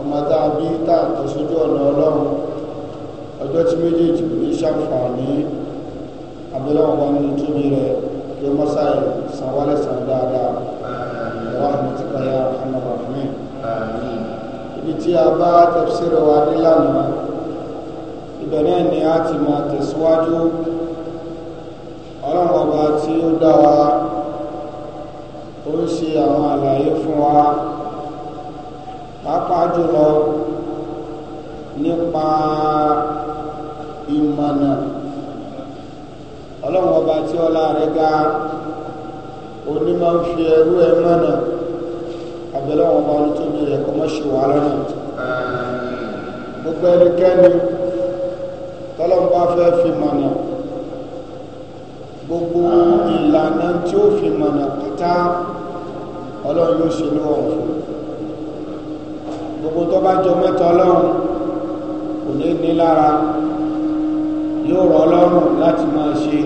ọmọ tá a bí tá a tọ́ sójú ọ̀nà ọlọ́run ọjọ́ tí méjèèjì kò ní ṣàǹfààní abẹ́lẹ́wọ̀n wa nínú tóbi rẹ̀ kí ọmọ sáyẹ sanwó-alẹ́ sàn dáadáa ìwà àmọ́tíkayà ọmọbàfínì ibi tí a bá tafsir wa dé lánàá ibẹ̀ náà ni a ti máa tẹ̀síwájú ọlọ́run ọba tí ó dá wa ó ń ṣe àwọn àlàyé fún wa. pàápàá jùlọ nípa ìmọ̀nà ọlọ́run ọba tí ọlá rẹ̀ ga onímọ̀ ń fi ẹrú ẹ mọ̀nà abẹ́lẹ́wọ̀n ọba olùtọ́jú rẹ̀ kọ́ mọ́ ṣe wà gbogbo ẹnikẹ́ni tọ́lọ́run bá fẹ́ fi mọ̀nà gbogbo ìlànà tí ó fi mọ̀nà pátá ọlọ́run yóò ṣe gbogbo tó bá jọ mẹ́ta ọlọ́run kò ní ní lára yóò rọ ọlọ́run láti máa ṣe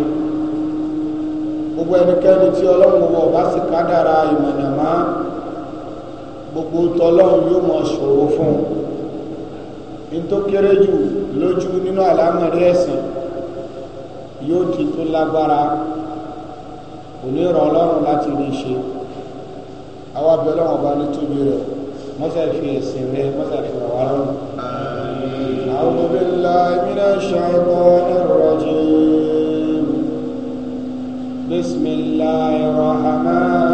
gbogbo ẹnikẹ́ni tí ọlọ́run wọ̀ bá sì ká dára ìmọ̀nàmá gbogbo tọlọ́run yóò mọ ṣòro fún un ní tó kéré jù lójú nínú àlámọ̀rí ẹ̀sìn yóò di tó lágbára kò ní rọ ọlọ́run láti rí ṣe àwọn abẹ́lẹ́ wọn bá ní tóbi rẹ̀. مثل في سره مثل في وعره أعوذ بالله من الشيطان الرجيم بسم الله الرحمن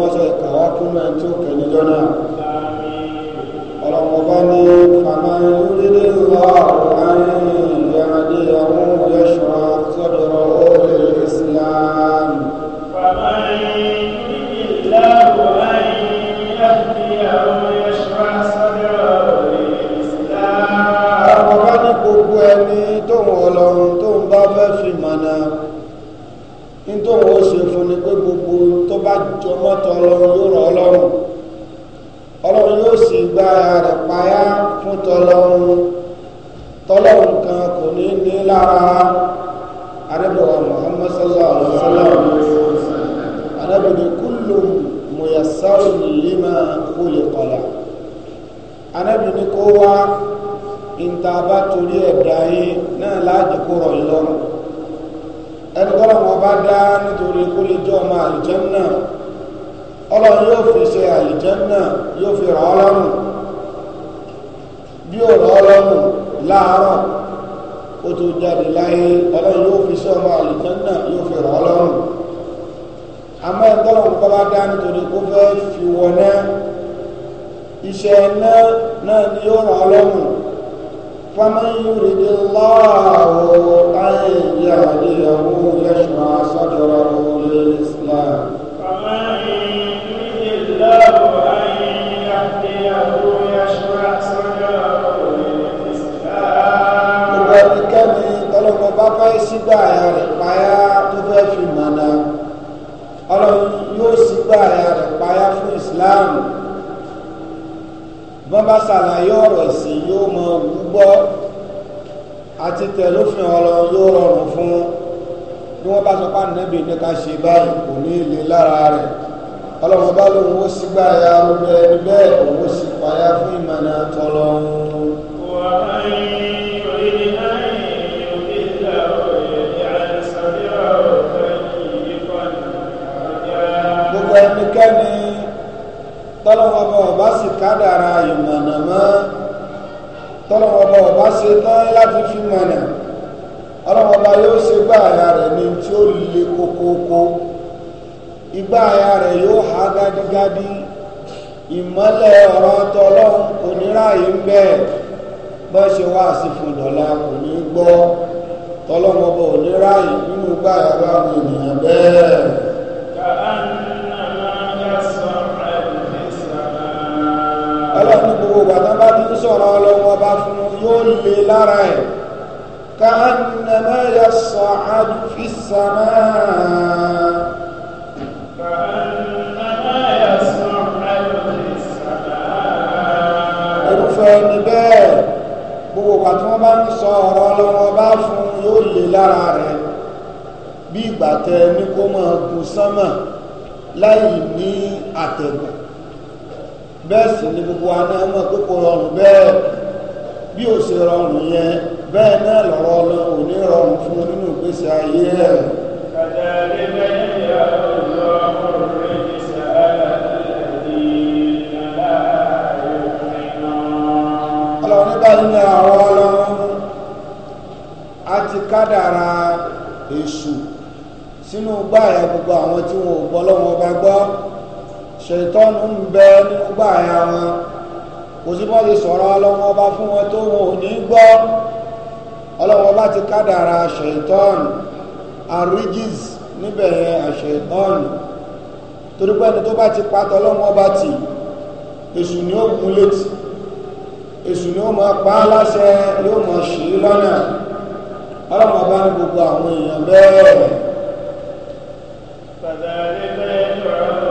mọ́sẹ̀ kàwá kúnú ẹni tí ó kẹ́ níjọ́ náà ọlọ́mọba fàmáyé lórílẹ̀ ìwà àrùn ayé ìyáradé àwọn bá jọ mọ́tọ̀ ọlọ́run yóò rọ̀ ọlọ́run ọlọ́run yóò sì gba rẹ̀ payá fún tọlọ́run tọlọ́run kan kò ní ní lára arẹ́bọ̀wá Muhammad sallallahu alaihi wasallam arẹ́bọ̀dẹ̀ kúlò mùyàsáwò lima kólé kọlà arẹ́bọ̀dẹ̀ kó wá ìntàbá torí ẹ̀dá yìí náà láàjẹkọ̀rọ̀ ìlọrin bá dá nítorí kó lè jẹ́ ọmọ àlìjẹ́nà ọlọ́run yóò fi ṣe àlìjẹ́nà yóò fi ràn ọ́ lọ́rùn bí ó ràn ọ́ lọ́rùn láàárọ̀ ó tó jáde láyé ọlọ́run yóò fi ṣe ọmọ àlìjẹ́nà yóò fi ràn ọ́ lọ́rùn àmọ́ ìtọ́lọ́run kọ́ bá dá nítorí kó fẹ́ fi wọná iṣẹ́ náà náà ni yóò ràn ọ́ lọ́rùn ومن يرد الله أن يهديه يشرع صدره للإسلام ومن يرد الله أن يهديه يشرع صدره للإسلام ẹnikẹ́ni tọ́lọ́mọ bá fẹ́ sígbà àyà rẹ̀ páyà tó fẹ́ fi mọ̀nà ọlọ́run yóò sígbà rẹ̀ páyà fún ìsìláàmù wọ́n bá ṣàlàyé ọ̀rọ̀ ẹ̀sìn yóò mọ gbúgbọ́ àti tẹ̀lófin ọ̀rọ̀ yóò rọrùn fún bí wọ́n bá sọ pé ànábì ní ká ṣe báyìí kò ní ilé lára rẹ̀ ọlọ́run bá lóun ó sígbà ya rúbẹ́ ẹni bẹ́ẹ̀ òun ó sì payá fún ìmọ̀nà tọlọ́run tọ́lọ́wọ́ bá ọba sì kádàrà ìmọ̀nà mọ́ tọ́lọ́wọ́ bá ọba ṣe tán láti fi mọ̀nà ọlọ́wọ́ bá yóò ṣe gbá àyà rẹ̀ ní tí ó le kókókó igbá àyà rẹ̀ yóò há gádígádí ìmọ́lẹ̀ ọ̀rọ̀ tọ́lọ́hún kò ní ráàyè ń bẹ́ẹ̀ bọ́ ṣe wá sí fún kò ní gbọ́ tọ́lọ́wọ́ bá ò ní ráàyè nínú gbá àwọn ènìyàn bẹ́ẹ̀. ìgbà tó bá ti ń sọ̀rọ̀ ọlọ́wọ́ bá fún yóò lè lára ẹ̀ كأنما يصعد في السماء كأنما يصعد في السماء irúfẹ́ ẹni bẹ́ẹ̀ gbogbo ìgbà tí wọ́n bá ń sọ ọ̀rọ̀ ọlọ́wọ́ bá fún yóò lè lára rẹ̀ bí ìgbà tẹ ní kó máa gun sánmà láì ní àtẹ̀gùn bẹ́ẹ̀ sì ni gbogbo anáhàmà pé kò rọrùn bẹ́ẹ̀ bí ó ṣe rọrùn yẹn bẹ́ẹ̀ náà lọ́rọ̀ ọlọ́run ò ní rọrùn fún un nínú ìgbésí ayé rẹ̀. kàdàdé lẹ́yìn ìyá ọlọ́run rẹ̀ ní sàárà ní ọlọ́run bá ti kádàrá èṣù sínú gbáàrà gbogbo ṣètọ́nù ń bẹ nígbà àyà wọn kò sí bọ́ọ̀lì sọ̀rọ̀ ọlọ́wọ́ ọba fún wọn tó wọn ò ní gbọ́ ọlọ́wọ́ ọba ti kádàrà ṣètọ́nù àríjìs níbẹ̀ yẹn àṣetọ́nù torí pé ẹni tó bá ti pa tọ́lọ́wọ́ ọba tì èṣù ni ó gun létí èṣù ni ó máa pa á láṣẹ yóò máa ṣì lọ́nà ọlọ́wọ́ ọba ní gbogbo àwọn èèyàn bẹ́ẹ̀. Bàbá Adébẹ́yẹ sọ̀rọ̀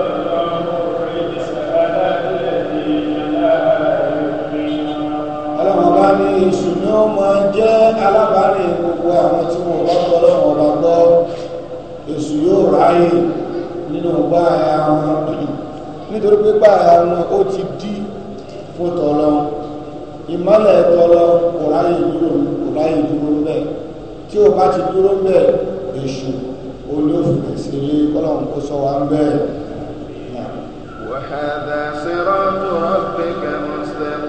àárín èṣù ni ó máa jẹ́ alábàárìn gbogbo àwọn tí wọ́n bá gbọ́ lọ́wọ́ bá gbọ́ èṣù yóò ráyè nínú gbáàyà wọn nítorí pé gbáàyà wọn ó ti dí fún tọ́lọ́ ìmọ́lẹ̀ tọ́lọ́ kò ráyè dúró kò ráyè dúró bẹ́ẹ̀ tí o bá ti dúró bẹ́ẹ̀ èṣù olófin sí ilé kọ́lọ́hún kó sọ wá bẹ́ẹ̀. وهذا صراط ربك مستقيم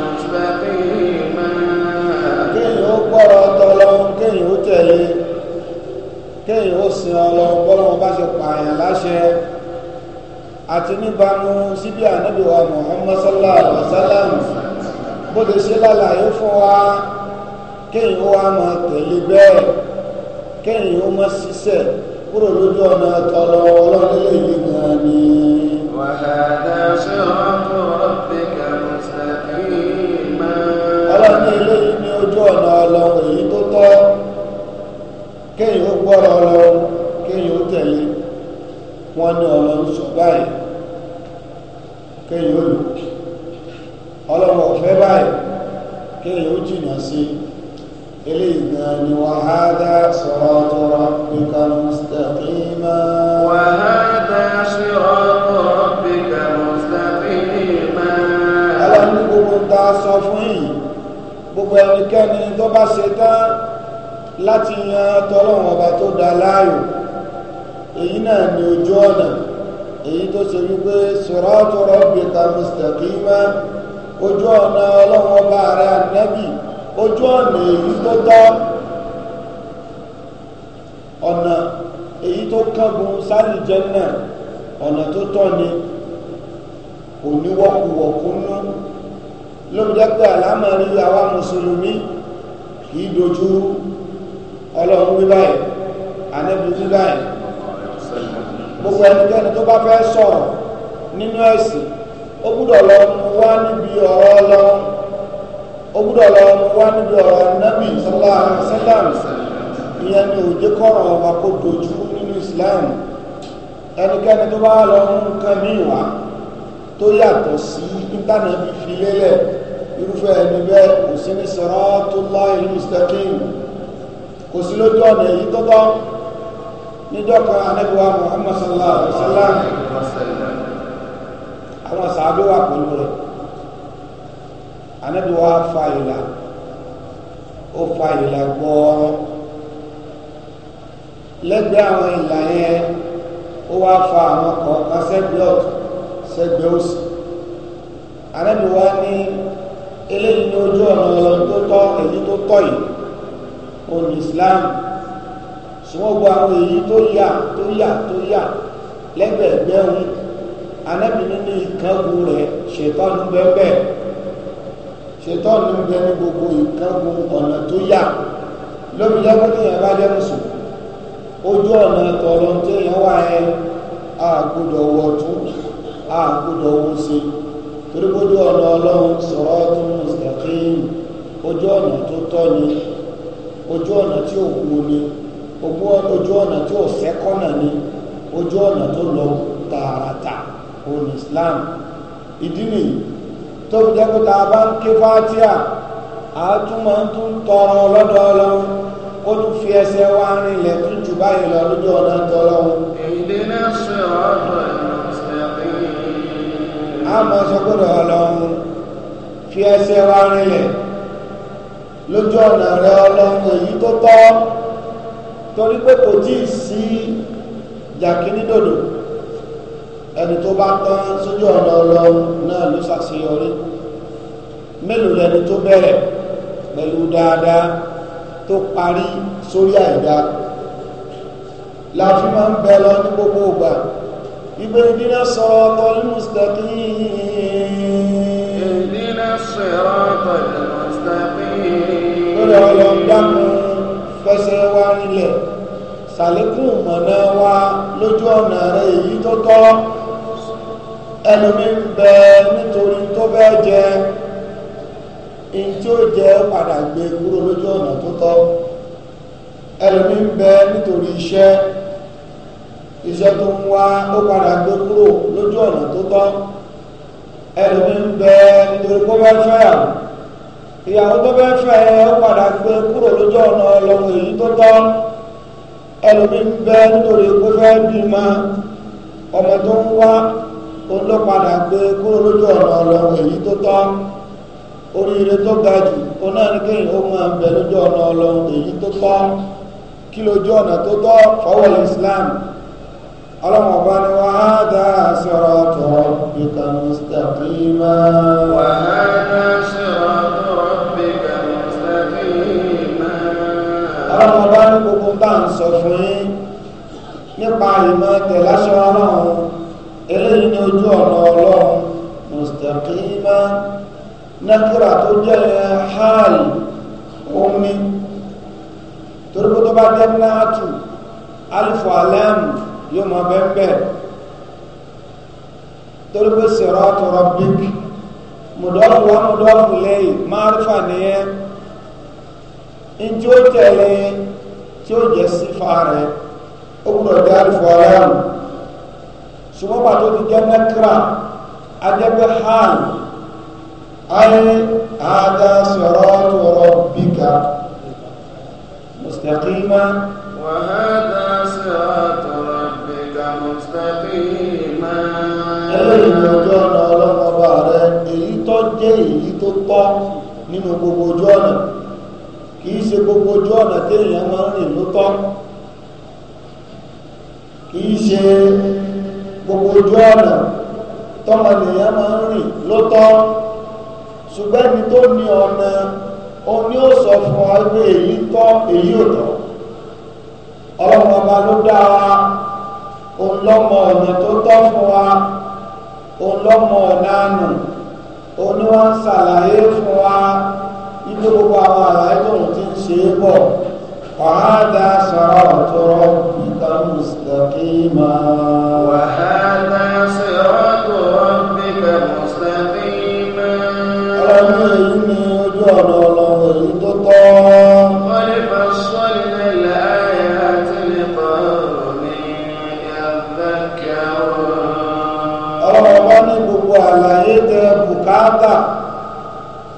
kéèyàn ó sin ọlọ bọ́lọ́wọ́ bá ṣe pààyàn láṣẹ àti níbanu síbi ànábì wa Muhammad sallallahu alaihi wasallam bó ti ṣe lálàyé fún wa kéèyàn ó wá máa tẹ̀lé bẹ́ẹ̀ kéèyàn ó máa ṣiṣẹ́ kúrò lójú ọ̀nà tọlọ ọlọ́run lè yí ni. wàhálà ṣé ọkọ̀ ọ̀bẹ kẹ́. wọ́n ní ọlọ́run sọ báyìí kéèyàn ó lò ọlọ́run ọ̀fẹ́ báyìí kéèyàn ó jìnà sí eléyìí gan ni wàhádà sọ̀rọ̀ tọrọ sọ̀rọ̀ tọrọ nǹkan mustaqima. gbogbo ẹnikẹ́ni tó bá ṣe tán láti yan tọ́lọ́run ọba tó dá láàyò èyí náà ni ojú ọ̀nà èyí tó ṣe wípé siratu rabbika mustaqima ojú ọ̀nà ọlọ́wọ́ bá ara ànábì ojú ọ̀nà èyí tó tọ́ ọ̀nà èyí tó kángun sáré jẹ́nà ọ̀nà tó tọ́ ni kò ní wọ́kùwọ̀kúnú ló jẹ́ pé àlámọ̀rí àwa mùsùlùmí kì í dojú ọlọ́run wí báyìí ànábì gbogbo ẹnikẹ́ni tó bá fẹ́ sọ̀rọ̀ nínú ẹ̀sìn ó gbúdọ̀ lọ mú wá níbi ọ̀rọ̀ Ọlọ́run ó gbúdọ̀ lọ wá níbi ọ̀rọ̀ nẹ́bì sọ́lá sẹ́lám ìyẹn ni òjé kọ̀rọ̀ wa kó dojú nínú Islam ẹnikẹ́ni tó bá lọ mú nǹkan míì wá tó yàtọ̀ sí íńtánẹ́ẹ̀tì fi lélẹ̀ irúfẹ́ ẹni bẹ́ẹ̀ kò sí ní sọ̀rọ̀ tó láì ní ìsítẹ́kìn kò sí lójú ọ̀nà èyí tọ́tọ́ níjọ́ kan anábíwá muhammad sallallahu alaihi wasallam àwọn sàábé wà pẹ̀lú rẹ̀ anábíwá fa ìlà ó fa ìlà gbọ́ọ́rọ́ lẹ́gbẹ̀ẹ́ àwọn ìlà yẹn ó wá fa àwọn kọ̀ọ̀kan sẹ́gbẹ̀ẹ́ ọ̀tún sẹ́gbẹ̀ẹ́ òsì anábíwá ní eléyìí ní ojú ọ̀nà ọlọ́run tó tọ́ èyí tó tọ́ yìí olùsílámù tí wọ́n gba àwọn èyí tó yà tó yà tó yà lẹ́gbẹ̀ẹ́gbẹ́ òun anábìíní ní ìkángun rẹ̀ ṣètọ́nu bẹ́ẹ̀ ṣètọ́nu bẹ́ẹ̀ ní gbogbo ìkángun ọ̀nà tó yà lórí yẹ́pẹ́ ní ìyẹn bá ojú ọ̀nà tọ̀rọ̀ tó yẹn wà ẹ àgbọ̀dọ̀ wọ̀ tún àgbọ̀dọ̀ wọ̀ sí torí ojú ọ̀nà ọlọ́run sọ̀rọ̀ tó ń sẹ̀kín ojú ọ̀nà tó tọ́ ni ojú ọ̀nà tí òkú ni ojú ọ̀nà tí ò sẹ́kọ́nà ni ojú ọ̀nà tó lọ tààràtà òun Islam ìdí nìyí tó fi jẹ́ pé tá a bá ń ké fátíà a tún máa ń tún tọrọ lọ́dọ̀ ọlọ́run ó tún fi ẹsẹ̀ wá rinlẹ̀ tún jù báyìí lọ lójú ọ̀nà tọlọ́run. èdè náà ṣe ọ̀dọ̀ ìrìnàṣẹ́ a máa sọ ọlọ́run fi ẹsẹ̀ wá rinlẹ̀ lójú ọ̀nà rẹ ọlọ́run èyí tó tọ́ torí pé kò tí ì sí yàkínídòdò ẹni tó bá tán sójú ọ̀nà ọlọ́run náà ló ṣàṣeyọrí mélòó lẹni tó bẹ̀rẹ̀ pẹ̀lú dáadáa tó parí sórí àìdá la fi máa ń bẹ lọ ní gbogbo ìgbà ibi ìdínà sọ̀rọ̀ ọ̀tọ̀ nínú sítẹ́kì ìdínà sọ̀rọ̀ ọ̀tọ̀ nínú sítẹ́kì rinlẹ̀ sàlékún ìmọ̀nà wa lójú ọ̀nà rẹ̀ èyí tó tọ́ ẹlòmí ń bẹ nítorí tó bẹ́ jẹ ìtí ó jẹ padà gbé kúrò lójú ọ̀nà tó tọ́ ẹlòmí ń bẹ nítorí iṣẹ́ iṣẹ́ tó ń wá ó padà gbé kúrò lójú ọ̀nà tó tọ́ ẹlòmí ń bẹ nítorí kó bá fẹ́yàwó ìyàwó tó bẹ́ẹ̀ fẹ́ padà gbé kúrò lójú ọ̀nà ọlọ́run èyí tó tọ́ ẹlòmíín bẹ nítorí kó fẹ́ bímọ ọmọ tó ń wá òun ló padà gbé kúrò lójú ọ̀nà ọlọ́run èyí tó tọ́ oríire tó ga jù òun náà ní kéèyàn ó máa bẹ lójú ọ̀nà ọlọ́run èyí tó tọ́ kí lójú ọ̀nà tó tọ́ fọwọ́ Islam ọlọ́run ọba ni wọ́n á dá sọ̀rọ̀ mustaqima wọ́n á dá ọlọ́run bá ní gbogbo tá à ń sọ fún yín nípa ìmọ̀ tẹ̀láṣọ ọlọ́run eléyìí ní ojú ọ̀nà ọlọ́run mùsùlùmí nàkírà tó jẹ́ hàn omi torí pé tó bá jẹ́ náàtù alifu alẹ́mù yóò mọ bẹ́ẹ̀ torí pé sèrọ́tù rọ̀bíkì mùdọ́fù wa mùdọ́fù lẹ́yìn márífà nìyẹn njẹ o tẹ̀lé tí o jẹ sífa rẹ̀ o gbọ́dọ̀ dé alifu aláàmù ṣùgbọ́n pàtó ti jẹ́ nẹ́kírà adẹ́gbẹ́ hàn ayé àdá sọ̀rọ̀ tọrọ bíkà mustaqima. wàhálà sọ̀rọ̀ tọrọ bíkà mustaqima. ẹ̀yìn ìjọba ọ̀nà ọlọ́mọba rẹ̀ èyí tó jẹ́ èyí tó tọ́ nínú gbogbo ojú ọ̀nà kì í ṣe gbogbo ojú ọ̀nà téèyàn máa ń rìn ló tọ́ kì í ṣe gbogbo ojú ọ̀nà tọ́mọ nìyẹn máa ń rìn ló ṣùgbọ́n ẹni tó ní ọ̀nà òun ni ó sọ fún wa pé èyí tọ́ èyí ò tọ́ ọlọ́run ọba ló dá wa òun lọ́mọ ọ̀nà tó tọ́ fún wa òun lọ́mọ ọ̀nà ànú òun ni wọ́n ń ṣàlàyé fún wa ibi gbogbo àwọn àlàyé òun ti ń ṣe é pọ̀ wàhálà sọ̀rọ̀ ọ̀tọ̀rọ̀ ìtàn mùsùlùmí máa. wàhálà sọ̀rọ̀ ọ̀tọ̀rọ̀ ìtàn mùsùlùmí máa. ọlọ́run èyí ni ojú ọ̀nà ọlọ́run èyí tó tọ́. wọ́n lè máa sọ ilé láàyè àti nípa omi ẹ̀ẹ́dẹ́gbẹ̀rún. ọlọ́run bá ní gbogbo àlàyé tẹ bùkátà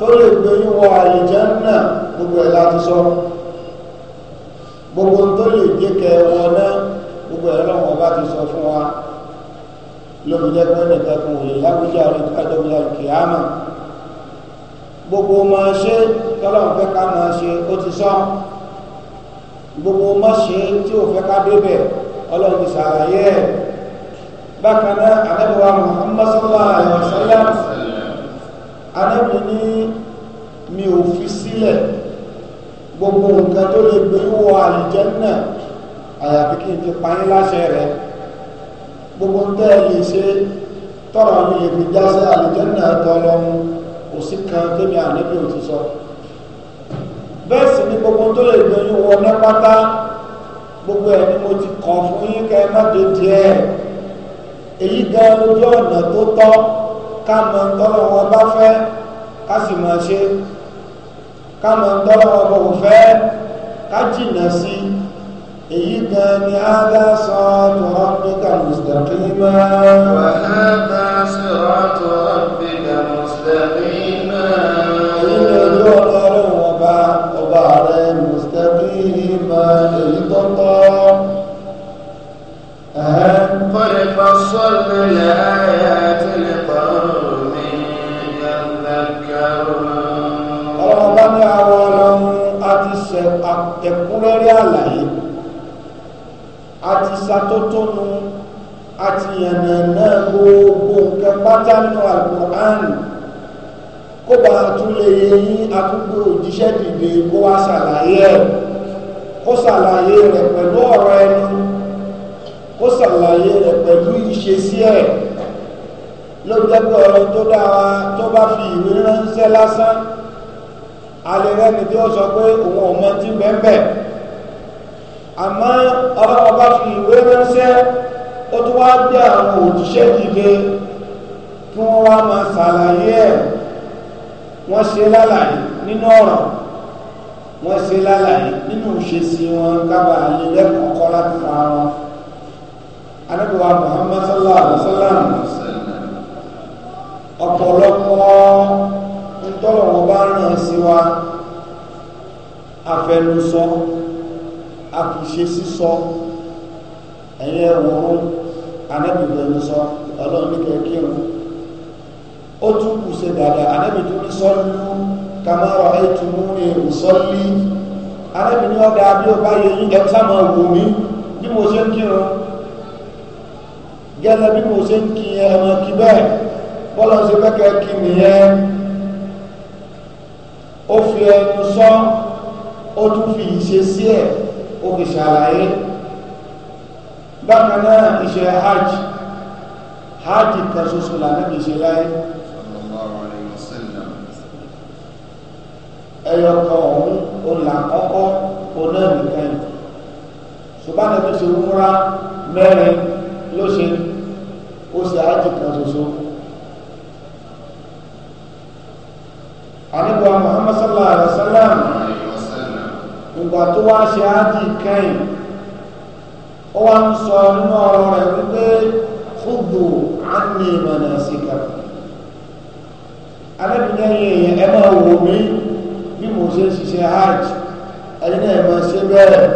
tó lè gbé wíwọ àlìjánà gbogbo ẹ̀ láti sọ gbogbo tó lè gbé kẹwọ náà gbogbo ẹ̀ lọ́wọ́ bá ti sọ fún wa lóbi jẹ́ pé nìkan kan òye lágbèjì àríkà dọ́gba kìámà gbogbo máa ṣe tọ́lọ́run fẹ́ ká máa ṣe ó ti sọ gbogbo má ṣe tí ò ká débẹ̀ ọlọ́run ti ṣàlàyé ẹ̀ bákan náà anábìwá Muhammad sallallahu alaihi wasallam anábì ní mi ò fi sílẹ̀ gbogbo nǹkan tó lè gbé wọ àlìjẹ́nà àyàfi kí n fi payín láṣẹ rẹ̀ gbogbo ń tẹ́ lè ṣe tọ́rọ mi lè fi jásẹ́ àlìjẹ́nà tọ́lọ́mù kò sí kan tẹ́mi ànẹ́bí ò ti sọ bẹ́ẹ̀ ni gbogbo tó lè gbé wọ ní gbogbo ẹ̀ ni mo ti kọ̀ fún yín kẹ́ má dé díẹ̀ èyí gan lójú ọ̀nà tó tọ́ ká mọ tọ́lọ́ bá fẹ́ ká sì máa ṣe káàmà ń tọ́lọ́ ọkọ̀ òfẹ́ ká jìnà sí èyí gan ni ádá sọ́ọ̀tù rọ́bìkà mùsùlùmí wàhálà sọ́ọ̀tù rọ́bìkà mùsùlùmí ilé ẹjọ́ ọlọ́run ọba ọba rẹ̀ mùsùlùmí èyí tọ́tọ́ Kọ́lẹ̀ fasọ́lẹ̀ lẹ́yìn. ẹ̀kúnrẹ́rẹ́ àlàyé àti ṣàtótónu àti yànnàná gbogbo nǹkan pátá nínú àlùkùránì kó bá a tún lè yé yín àtúgbò òjíṣẹ́ dìde kó wá ṣàlàyé ẹ̀ kó ṣàlàyé rẹ̀ pẹ̀lú ọ̀rọ̀ ẹnu kó ṣàlàyé rẹ̀ pẹ̀lú ìṣesí ẹ̀ ló jẹ́ pé ọ̀rọ̀ tó dáa tó bá fi ìwé ránṣẹ́ lásán alẹ́rẹ́ ni tí ó sọ pé òun ò mọ tí bẹ́ẹ̀ àmọ́ ọlọ́wọ́ bá fi ìwé ránṣẹ́ ó tún wá gbé àwọn òjíṣẹ́ dìde kí wọ́n wá máa ṣàlàyé ẹ̀ wọ́n ṣe lálàyé nínú ọ̀rọ̀ wọ́n ṣe lálàyé nínú ìṣesí wọn kábà alẹ́rẹ́ kọ̀ọ̀kan láti fa wọn anábìwá Muhammad sallallahu alaihi wa sallam ọ̀pọ̀lọpọ̀ tọ́lọ̀ wọn bá ràn sí wa afẹnusọ akùṣe sísọ ẹ̀yẹ wòrán anábìbẹnusọ ọlọ́run ní kẹ́kẹ́rù ó tún kù ṣe dáadáa anábìtún ní sọ́lú kamara ẹ̀tùmú ní ìsọ́lí anábìtún ọ̀dà bí ó bá yẹ yín ẹ̀ sáma wò mí bí mo ṣe ń kírun gẹ́lẹ́ bí mo ṣe ń kí ẹ̀ ẹ̀ máa kí bẹ́ẹ̀ bọ́lá ṣe fẹ́ kí nìyẹn ó fi ẹnu sọ ó tún fi ìṣe sí ẹ ó fi ṣàlàyé bákan náà ìṣe hajj hajj kan ṣoṣo lànàbì ṣe láyé ẹyọ kan ọ̀hún ọ̀là kọ́kọ́ ọ̀nà nìkan ṣùgbọ́n àti múra mẹ́rin ló ṣe ó ṣe hajj kan ṣoṣo. àníbọ̀ Muhammad sallallahu alaihi wasallam ìgbà tó wá ṣe ájì kẹ́yìn ó wá ń sọ nínú ọ̀rọ̀ rẹ̀ wípé khudhu anni manasikakum arábìnrin yẹn ẹ máa wò mí bí mo ṣe ń ṣiṣẹ́ hajj ẹni náà máa ṣe bẹ́ẹ̀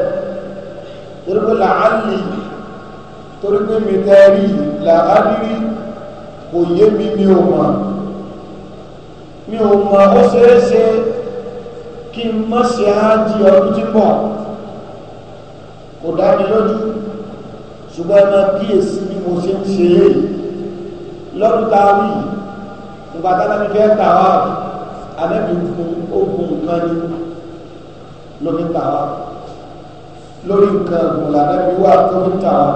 torí pé làálì torí pé mi tẹ́ rí làálì kò yé mi ní òun mi ò mọ̀ ó ṣeé ṣe kí n má ṣe ájì ọdún tí pọ̀ kò dá mi lójú ṣùgbọ́n ẹ máa kíyèsí bí mo ṣe ń ṣe é lọ́dún tá a wí ìgbà tá a fẹ́ tà wá àbẹ́bí ogun nǹkan ni lómi tà wá lórí nǹkan ọ̀gbìn làbẹ́bí wà tó tà wá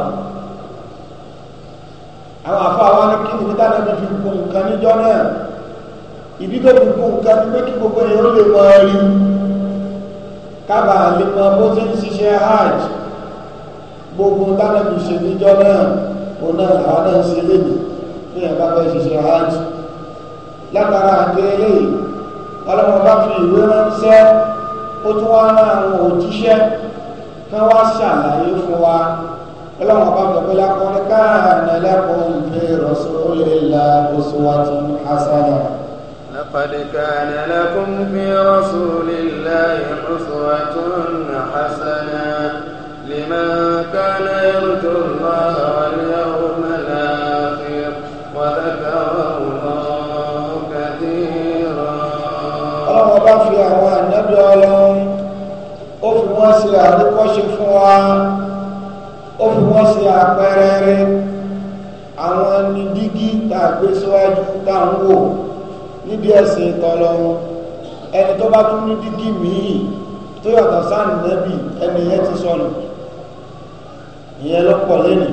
àwọn àfọ àwọn akéwì ní dáná fi gun nǹkan níjọ náà ìdí tó gbogbo nǹkan ni pé kí gbogbo èèyàn lè máa rí kábà lè mọ bó ti ń ṣiṣẹ́ hajj gbogbo tánàbì ṣe níjọ́ náà òun náà làwọn náà ń ṣe lébi ní ẹ̀ka fẹ́ ṣiṣẹ́ hajj látara àgbélé ọlọ́run bá fi ìwé ránṣẹ́ ó tún wá rán òjíṣẹ́ kán wá ṣàlàyé fún wa ọlọ́run bá bẹ̀rẹ̀ lákọ́ni káàánà lẹ́kọ̀ọ́ ìfẹ́ ìrọ̀sọ́ ó lè la oṣù wa tún hasanah. قد كان لكم في رسول الله أسوة حسنة لمن كان يرجو الله واليوم الآخر وذكر الله كثيرا ọlọ́run ọba fi àwọn ànábì ọlọ́run ó fi wọ́n ṣe àríkọ́ṣe fún wa ó fi wọ́n ṣe àpẹẹrẹ àwọn ní dígí tàgbé síwájú táwọn wò níbi ẹ̀sìn tọ́lọ́run ẹni tó bá tún ní dígí míì tó yàtọ̀ sáàni nẹ́bì ẹni yẹn ti sọnù ìyẹn lọ́pọ̀ lẹ́nu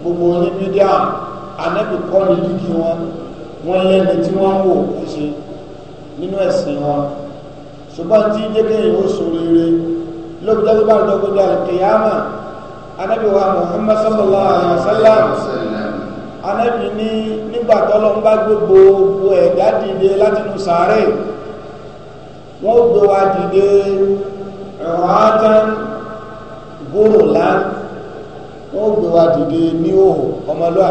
gbogbo oníbídíà anẹ́bì kọ́ ní dígí wọn wọ́n lẹ́ni tí wọ́n wò ó ṣe nínú ẹ̀sìn wọn ṣùgbọ́n tí jẹ́kẹ́yìn ó ṣoríire lóbi dájú bá dọ́gbọ́dọ́ àlùkìyàmà anábì wa muhammad sallallahu alayhi wa sallam anábì ní nígbà tọ́lọ́ ń bá gbogbo gbogbo ẹ̀dá dìde látinú sàárè wọ́n gbé wa dìde ràátán gbòòrò lán wọ́n gbé wa dìde ní òhò ọmọlúwà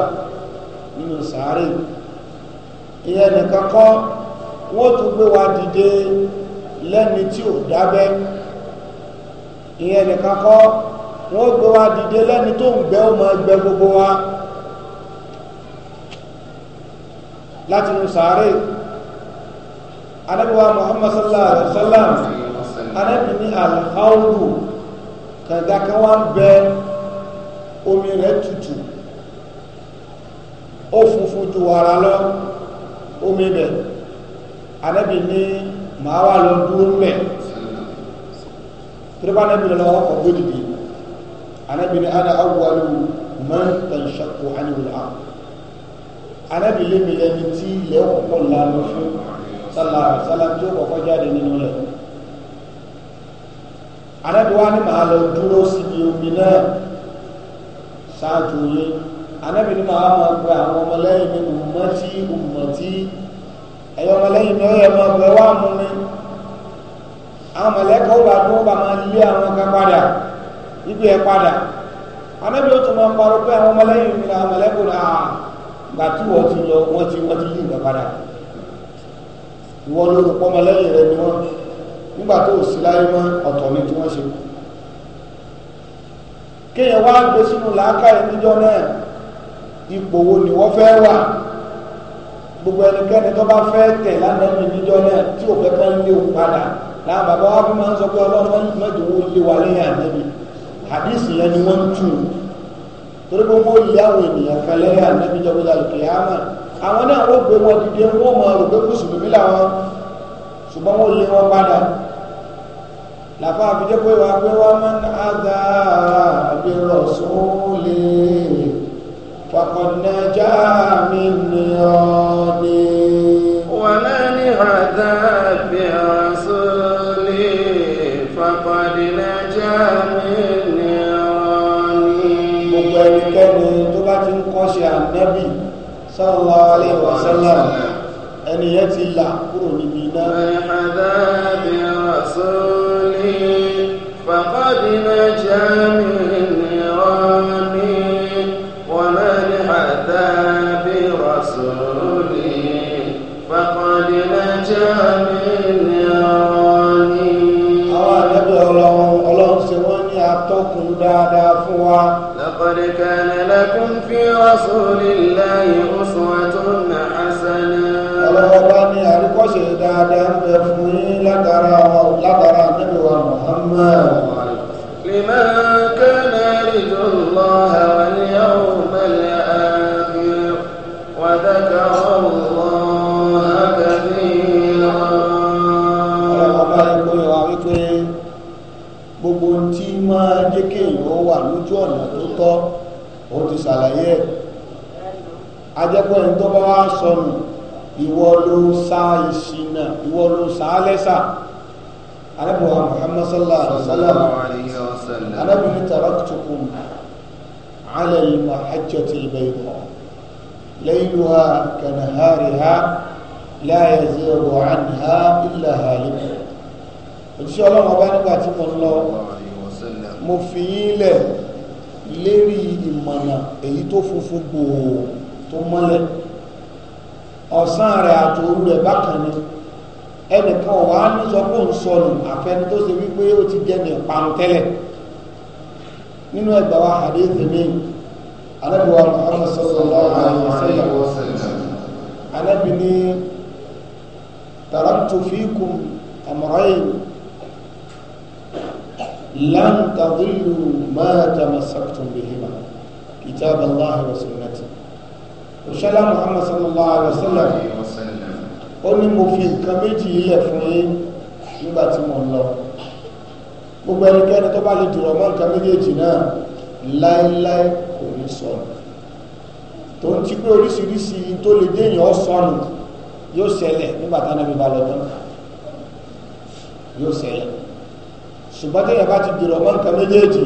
nínú sàárè ìyẹn nìkan kọ́ wọ́n tún gbé wa dìde lẹ́ni tí ò dábẹ́ ìyẹn nìkan kọ́ wọ́n gbé wa dìde lẹ́ni tó ń gbẹ́ ó máa gbogbo wa. láti nu sàárè anabiwa muhammad sallallahu alaihi wa sallam anabi ní alhawlu kànga kan wá ń bẹ omi rẹ̀ tutù ó funfun ju wàrà lọ omi bẹ anabi ní màá wà lọ dúró mbẹ tiriba anabi lọ wà kọ gbódìdì anabi ní ana awwalu man tanshaqu arábìnrin mi lẹni tí ilẹ̀ ọ̀pọ̀ lanu fún sálà sálà tí ó kọ́kọ́ jáde nínú rẹ̀ arábìnrin wa ni màá lọ dúró síbi omi náà ṣáájú yín arábìnrin màá máa gba àwọn ọmọlẹ́yìn mi ummati ummati ẹ̀yọ́ ọmọlẹ́yìn mi ó yẹ máa gbẹ wá mú mi àwọn mọ̀lẹ́kọ̀ wà tó bá máa lé àwọn kan padà ibi ẹ̀ padà arábìnrin ó tún máa parọ́ pé àwọn ọmọlẹ́yìn mi làwọn mọ̀lẹ́kọ̀ náà gbàtí wọ́n ti lọ wọ́n ti wọ́n ti yí nǹkan padà ìwọ ló rò pọ́nmọ lẹ́yìn rẹ ni wọ́n nígbà tó sì láyé mọ́ ọ̀tọ̀ ni tí wọ́n ṣe kéèyàn wá gbé sínú làákàyè níjọ náà ipò wo ni wọ́n fẹ́ wà gbogbo ẹnikẹ́ni tó bá fẹ́ tẹ̀ lánàá níjọ náà tí òfẹ́ kan lé òun padà láwọn bàbá wa fún máa ń sọ pé ọlọ́run mẹ́jọ wo lé wa lẹ́yìn ànábì àdìsí yẹn ni wọ́n ń tù ú torí pé wọ́n lé àwọn ènìyàn kan lẹ́yìn ànábi jọ́gbọ́dá kìlámà àwọn náà wọ́n gbé wọn dìde wọ́n mọ rò pé mùsùlùmí làwọn ṣùgbọ́n wọ́n lé wọn padà làfà àfijọ́ pé wàá pé wọ́n máa ń àgà àbí rọ̀sùnlé fàkànnà já mi nìyọ́ ni. wọ́n náà ní àgà àbí ṣe ànábì sallallahu alaihi wa sallam ẹni yẹn ti là kúrò níbi iná. àdáàbí rasúlì fàkọ́dínà jáàmì nìrọ́ni wọ́n náà ní àdáàbí rasúlì fàkọ́dínà jáàmì nìrọ́ni. àwọn àdábì ọlọ́run ọlọ́run ṣe wọ́n ní atọ́kùn dáadáa fún wa. لقد كان لكم في رسول الله أسوة حسنة ọlọ́wọ́bá ní àríkọ́ṣe dáadáa ń bẹ fún yín látara látara níbi wa Muhammad. liman kana yarju Allaha wal yawmal akhir wa dhakara Allaha kathira. ọlọ́wọ́bá ikú ìwà wípé gbogbo tí máa jẹ́ kéèyàn wà lójú ọ̀nà tọ́ ó ti ṣàlàyé ẹ̀ ajẹ́pọ̀ ẹni tó bá wá sọnù ìwọ ló sá ìṣìnà ìwọ ló sá lẹ́sà arábìnrin muhammad sallallahu alayhi wa sallam arábìnrin taraktukum ala al-mahajjati al-bayda layluha kanahariha la yaziru anha illa halik òjíṣẹ́ ọlọ́run ọba nígbà tí mo lọ mo fi yín lẹ̀ lérí ìmọ̀nà èyí tó funfun gbòò tó mọ́lẹ̀ ọ̀sán rẹ̀ àtòru rẹ̀ bákan ni ẹnìkan wà á ní sọ pé òun sọnù àfẹni tó ṣe wípé ó ti jẹ́ ní ìparun tẹ́lẹ̀ nínú ẹgbàá wa hadith mi anabi wa muhammad sallallahu alayhi wa sallam anabi ni taraktu fikum lan tadillu ما tamassaktum بهما كتاب الله wa sunnati محمد صلى الله عليه وسلم. ó ní mo fi nǹkan méjì ilẹ̀ fún yín nígbà tí mo lọ gbogbo ẹnikẹ́ni tó bá lè dùrọ̀ mọ́ nǹkan méjèèjì náà láéláé kò ní sọnù tó ń ti pé oríṣiríṣi tó lè déèyàn sọnù yóò ṣẹlẹ̀ nígbà táwọn ẹbí bá lọ tán yóò ṣẹlẹ̀ ṣùgbọ́n tí èèyàn bá ti dìrọ̀ mọ́ nǹkan méjèèjì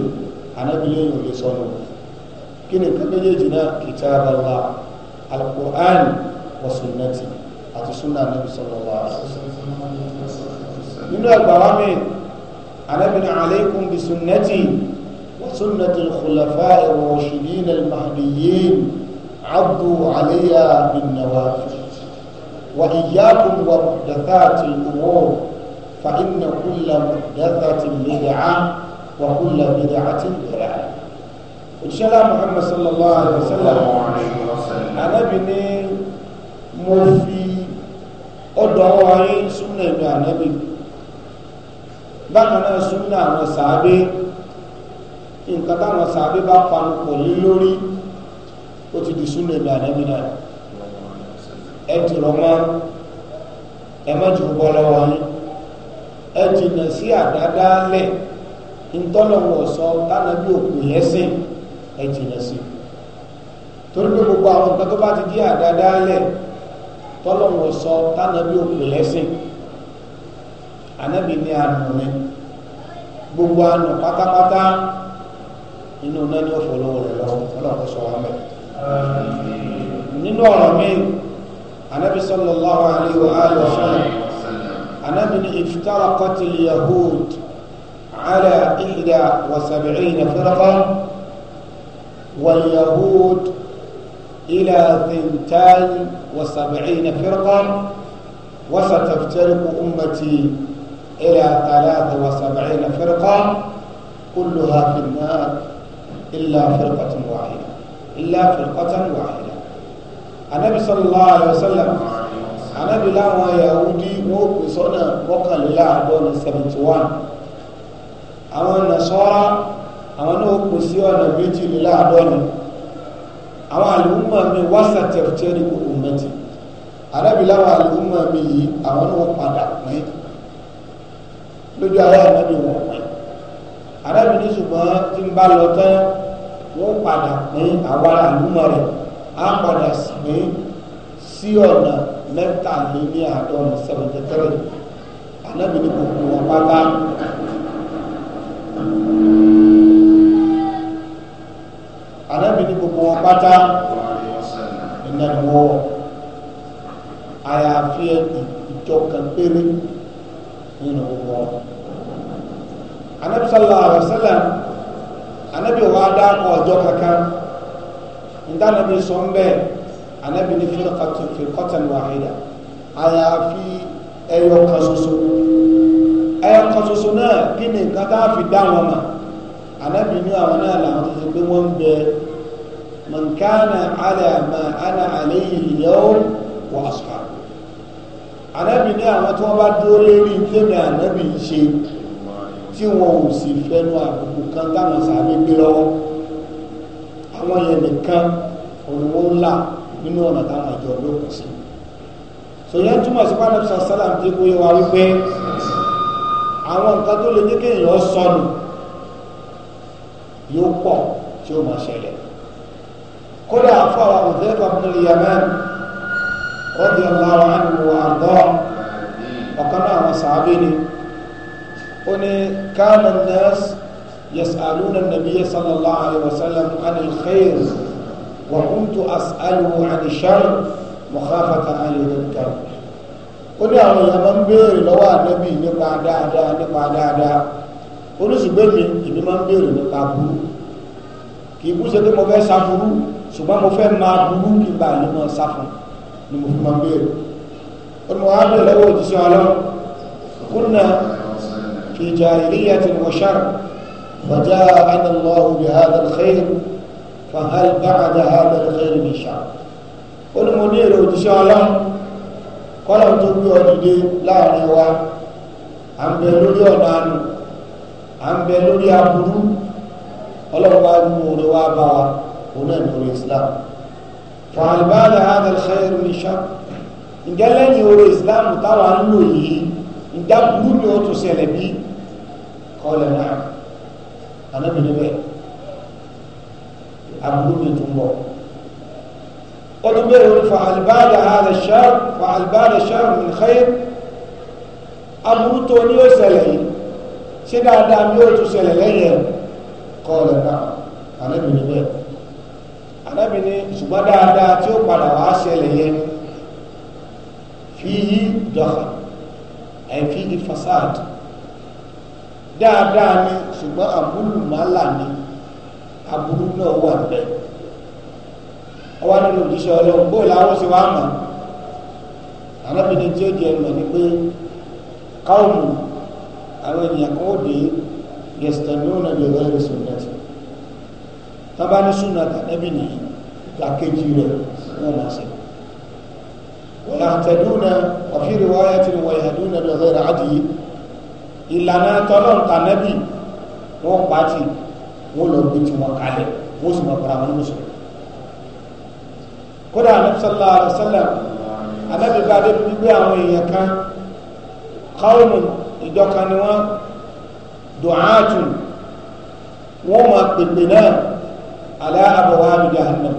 ànábi lẹ́yìn ò lè sọnù kí ni nǹkan méjèèjì náà kitab Allah al-Qur'an wa sunnati àti sunna ànábi sallallahu alaihi wasallam nínú ẹgbàá mi ànábi ní alaykum bi sunnati wa sunnati al-khulafa'i ar-rashidin al bin nawafil wa iyyakum wa muhdathati al-umur. فإن كل محدثة بدعة وكل بدعة ضلالة òṣìṣẹ́lá Muhammad sallallahu alaihi wasallam anábì ní mo fi ọdọ̀ ọwọ́ ayé súnmọ́ ẹ̀mí anábì bákan náà súnmọ́ àwọn sàábé nǹkan táwọn sàábé bá panu pọ̀ lé lórí ó ti di súnmọ́ ẹ̀mí anábì náà ẹ dìrọ̀ mọ́ ẹ má jù bọ́ lọ́wọ́ yín ẹ jìnnà sí àdádálẹ̀ ntọ́lọ́wọ́ sọ tánàbí òkú yẹn sìn ẹ jìnnà sí torí pé gbogbo àwọn nǹkan tó bá ti di àdádálẹ̀ tọ́lọ́wọ́ sọ tánàbí òkú yẹn sìn ànábì ní àánú rẹ gbogbo àánú pátápátá inú náà ni rẹ lọ́wọ́ ọlọ́run sọ wá mẹ́. nínú ọ̀rọ̀ mi ànábì sallallahu alaihi wa alihi wa sallam. من افترقت اليهود على إحدى وسبعين فرقة واليهود إلى ثنتان وسبعين فرقة وستفترق أمتي إلى ثلاث وسبعين فرقة كلها في النار إلا فرقة واحدة إلا فرقة واحدة النبي صلى الله عليه وسلم anábì láwọn yahudi wọn ò pè sọ́nà seventy one àwọn nasọ́ra àwọn náà pè sí ọ̀nà méjìléláàádọ́rin àwọn àlùmọ̀ mi wáṣà tẹ̀fùtẹ́rì kò mẹ́tì anábì láwọn àlùmọ̀ mi yìí àwọn náà padà pín lójú ayé anábì wọn pín anábì ní ṣùgbọ́n tí ń bá lọ tán wọ́n padà pín àwọn àlùmọ̀ rẹ̀ á padà pín sí ọ̀nà mẹ́tàléníàádọ́rin seventy three anábì ní gbogbo wọn pátá anábì ní gbogbo wọn pátá ìnàwọ àyàfi ìjọ kan péré nínú gbogbo wọn anábì sallallahu alaihi wasallam anábì wàá dáko ọjọ́ kankan ntànàbì sọ ń bẹ́ẹ̀ anabi ní firqatu firqatan wahida àyàfi ẹyọ kan ṣoṣo ẹyọ kan ṣoṣo náà kí ni nǹkan tá a fi dá wọn mà anabi ní àwọn náà làwọn tó ṣe pé wọ́n ń bẹ man kana ala ma ana alayhi al-yawm wa ashabi anabi ní àwọn tí wọ́n bá dúró lérí tèmi anabi ń ṣe tí wọn ò sì fẹnu àbùkù kan táwọn sàbí gbé lọ́wọ́ àwọn yẹn nìkan òun ńlá nínú ọ̀nà táwọn àjọ ló kù sí sòyẹ́ túmọ̀ sí pàdé sọ sálàm tí kò yẹ wa wípé àwọn nǹkan tó lè jẹ́ kéèyàn sọnù yóò pọ̀ tí ó máa ṣẹlẹ̀ kódà fún àwọn òtẹ́ẹ̀kọ́ abúlé yamẹ́n rọ́bì ọ̀làwọ̀ ànìwò àgọ́ ọ̀kan náà àwọn sàábé ni ó ní káàmù nẹ́ẹ̀sì yẹ̀sàlú nàbíyẹ̀ sallallahu alayhi wa sallam anil وكنت أسأله عن الشر مخافة أن يذكر ó ní àwọn èèyàn máa ń béèrè lọ́wọ́ ànábì nípa dáadáa nípa dáadáa oníṣùgbọ́n mi èmi máa ń béèrè nípa burú kì í bú ṣe pé mo fẹ́ sa burú ṣùgbọ́n mo fẹ́ máa burú kí n bá ní mọ́ sá fún ni mo fi máa ń béèrè ó ní mo wá bẹ̀rẹ̀ lọ́wọ́ òjíṣẹ́ ọlọ́run kúnna fi jahiliyatin wa shar wa ja'ana Allahu bi hadha al-khayr fahal ba'da hadha al-khayr min sha ó ní mo ní èrè òjíṣẹ́ ọlọ́run kọ́lọ̀ tó gbé ọ dìde láàrin wa à ń bẹ lórí ọ̀nà àánú à ń bẹ lórí aburú ọlọ́run wa mú orí wa bá wa òun náà ní orí islam fahal ba'da hadha al-khayr min sha ǹjẹ́ lẹ́yìn orí islam táwa ń lò yìí ǹjẹ́ burú ni ó tún ṣẹlẹ̀ bí kọ́lẹ̀ náà anábìnrin bẹ́ẹ̀ aburú mi tún bọ̀ ọdún bẹ́ẹ̀ ló fa alibada hada shahar fa alibada shahar min khayr aburú tó ní ó ṣẹlẹ̀ yìí ṣé dáadáa mi ó tún ṣẹlẹ̀ lẹ́yìn ẹ̀ kọ́ ọ̀lẹ̀ náà ànábì ní bẹ́ẹ̀ ànábì ní ṣùgbọ́n dáadáa tí ó padà wá ṣẹlẹ̀ yẹn fi yí dọ̀kà ẹ̀ fi dáadáa ni ṣùgbọ́n àbúrò màálà ni aburú náà wà bẹ́ẹ̀ ọwọ́ nínú òjíṣẹ́ ọlọ́run bó làwọn ṣe wá mọ̀ arábìnrin tí ó di ẹnu ni pé káwọn àwọn ènìyàn kan ó dé gẹ̀sìtẹ̀mí ọ̀nà bí ọ̀rẹ́ rẹ̀ sùn lẹ́tì tábà ní súnà tàbí nìyí ìdàkejì rẹ̀ wọ́n máa ṣe wọ́n àtẹ̀dúnà ọ̀fíìrì wáyé tí wọ́n yàdúnà bí ọ̀rẹ́ rẹ̀ adìyí ìlànà tọ́lọ́ǹtà nẹ́bì wọ́n pàtì wọ́n lọ gbé tí wọ́n kalẹ̀ wọ́n sì máa kọ́ra wọn ní mùsùlùmí. kódà anabisalla alasala anabigba adébí gbígbé àwọn èèyàn kan káwọn ìjọkan ni wọn dùnàtù wọn máa pèpè náà alẹ́ àbọ̀wá àdúgbò àná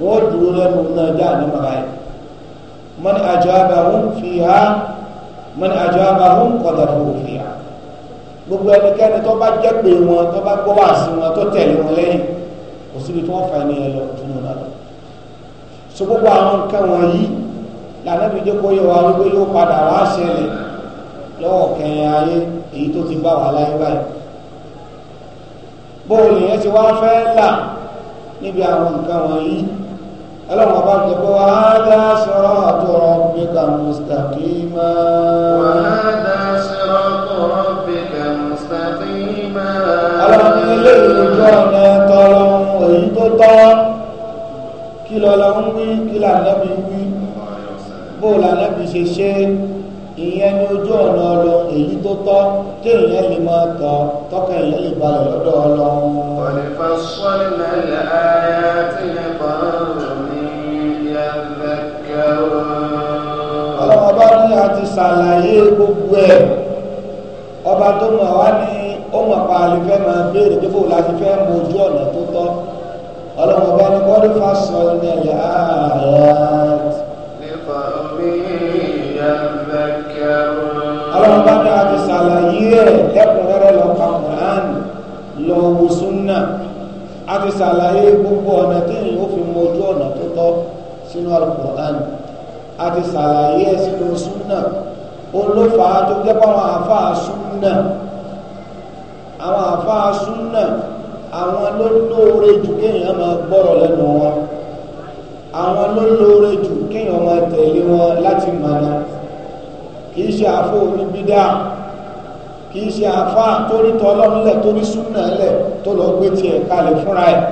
wọn dúró lẹ́nu náà já àná màrá yẹn mọ́ni àjọ àbáwọn fi há gbogbo ẹnikẹ́ni tó bá jẹ́ pé wọn tó bá gbọ́ wá sí wọn tó tẹ̀lé wọn lẹ́yìn kò síbi tí wọ́n fa ẹni yẹn lọ tún un lọ. so gbogbo àwọn nǹkan wọ̀nyí lànàbí dẹ́kọ̀ yẹ wa wípé yóò padà wá ṣẹlẹ̀ lọ́wọ́ kẹyìn ayé èyí tó ti bá wà láyé báyìí. bóòlù yẹn ti wá fẹ́ là níbi àwọn nǹkan wọ̀nyí ọlọ́run ọba jẹ́ pé wàhálà sọ̀rọ̀ àtọ̀rọ̀ gbẹ̀gbà mùsùlùmí máa. kí lọ la ń wí kí là lẹ́bi wí bó la lẹ́bi ṣe ṣe ìyẹn ní ojú ọ̀nà ọlọ èyí tó tọ́ téèyàn lè máa tọ̀ tọ́ka èyàn lè balẹ̀ lọ́dọ̀ ọlọ́run. ọ̀nìfà sọ́ni lẹ́lẹ̀ ayé tí mi kọ́ ní ilé ẹgbẹ́ ọlọ́run ọba ní àti ṣàlàyé gbogbo ẹ̀ ọba tó mọ̀ wá ní ó mọ̀ pa àlùfẹ́ máa béèrè pé bó la ti fẹ́ mọ ojú ọ̀nà tó tọ́ ọlọ́run ọba ní kọ́dí fásọ لقومي ẹ̀yà ààyà. nípa omi ìyá mẹ́kẹ́rù. ọlọ́run bá ní àti ṣàlàyé ẹ̀ lẹ́kùnrẹ́rẹ́ lọ ka Qur'an lọ wo súnà àti ṣàlàyé gbogbo ọ̀nà tí yìí ó fi mọ ojú ọ̀nà tó tọ́ sínú Al-Qur'an àti sínú súnà olófàá tó jẹ́ pé àwọn àáfàá súnà àwọn àáfàá súnà àwọn ló lóore jù kéèyàn máa gbọ́rọ̀ lẹ́nu wọn àwọn ló lóore jù kéèyàn máa tẹ̀lé wọn láti mọ̀nà kìí ṣe àfọ oníbídà kìí ṣe àfa torí tọlọ́run lẹ̀ torí súnà lẹ̀ tó lọ gbé tiẹ̀ kalẹ̀ fúnra ẹ̀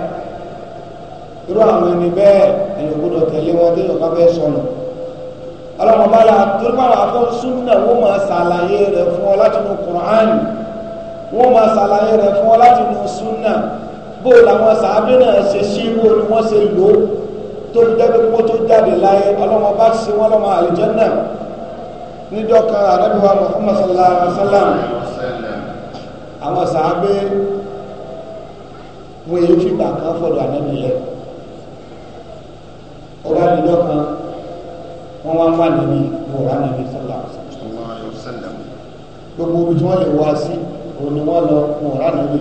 irú àwọn ẹni bẹ́ẹ̀ ẹ̀yìn gbọ́dọ̀ tẹ̀lé wọn téèyàn bá fẹ́ sọnù ọlọ́mọba la torí báwọn afọ súnà wọ́n máa ṣàlàyé rẹ̀ fún ọ látinú Kùránì wọ́n máa ṣàlàyé rẹ̀ fún ọ láti nu súnà bó làwọn sàábé náà ṣe ṣí wo ni wọ́n ṣe lò ó tó ń dẹ́gbẹ́ kó tó jáde láyé ọlọ́mọ bá ṣe wọ́n lọ́mọ àlùjànnà níjọ́ kan ànábì Muhammad sallallahu alaihi wa sallam àwọn sàábé wọn èyí fìgbà kan fọ̀dọ̀ ànábì yẹn ọba níjọ́ kan wọ́n wá ń wà níbi wòrán níbi sallallahu alaihi wa sallam gbogbo ibi tí wọ́n lè wá sí. òní wọ́n lọ fún ọ̀rá nàbí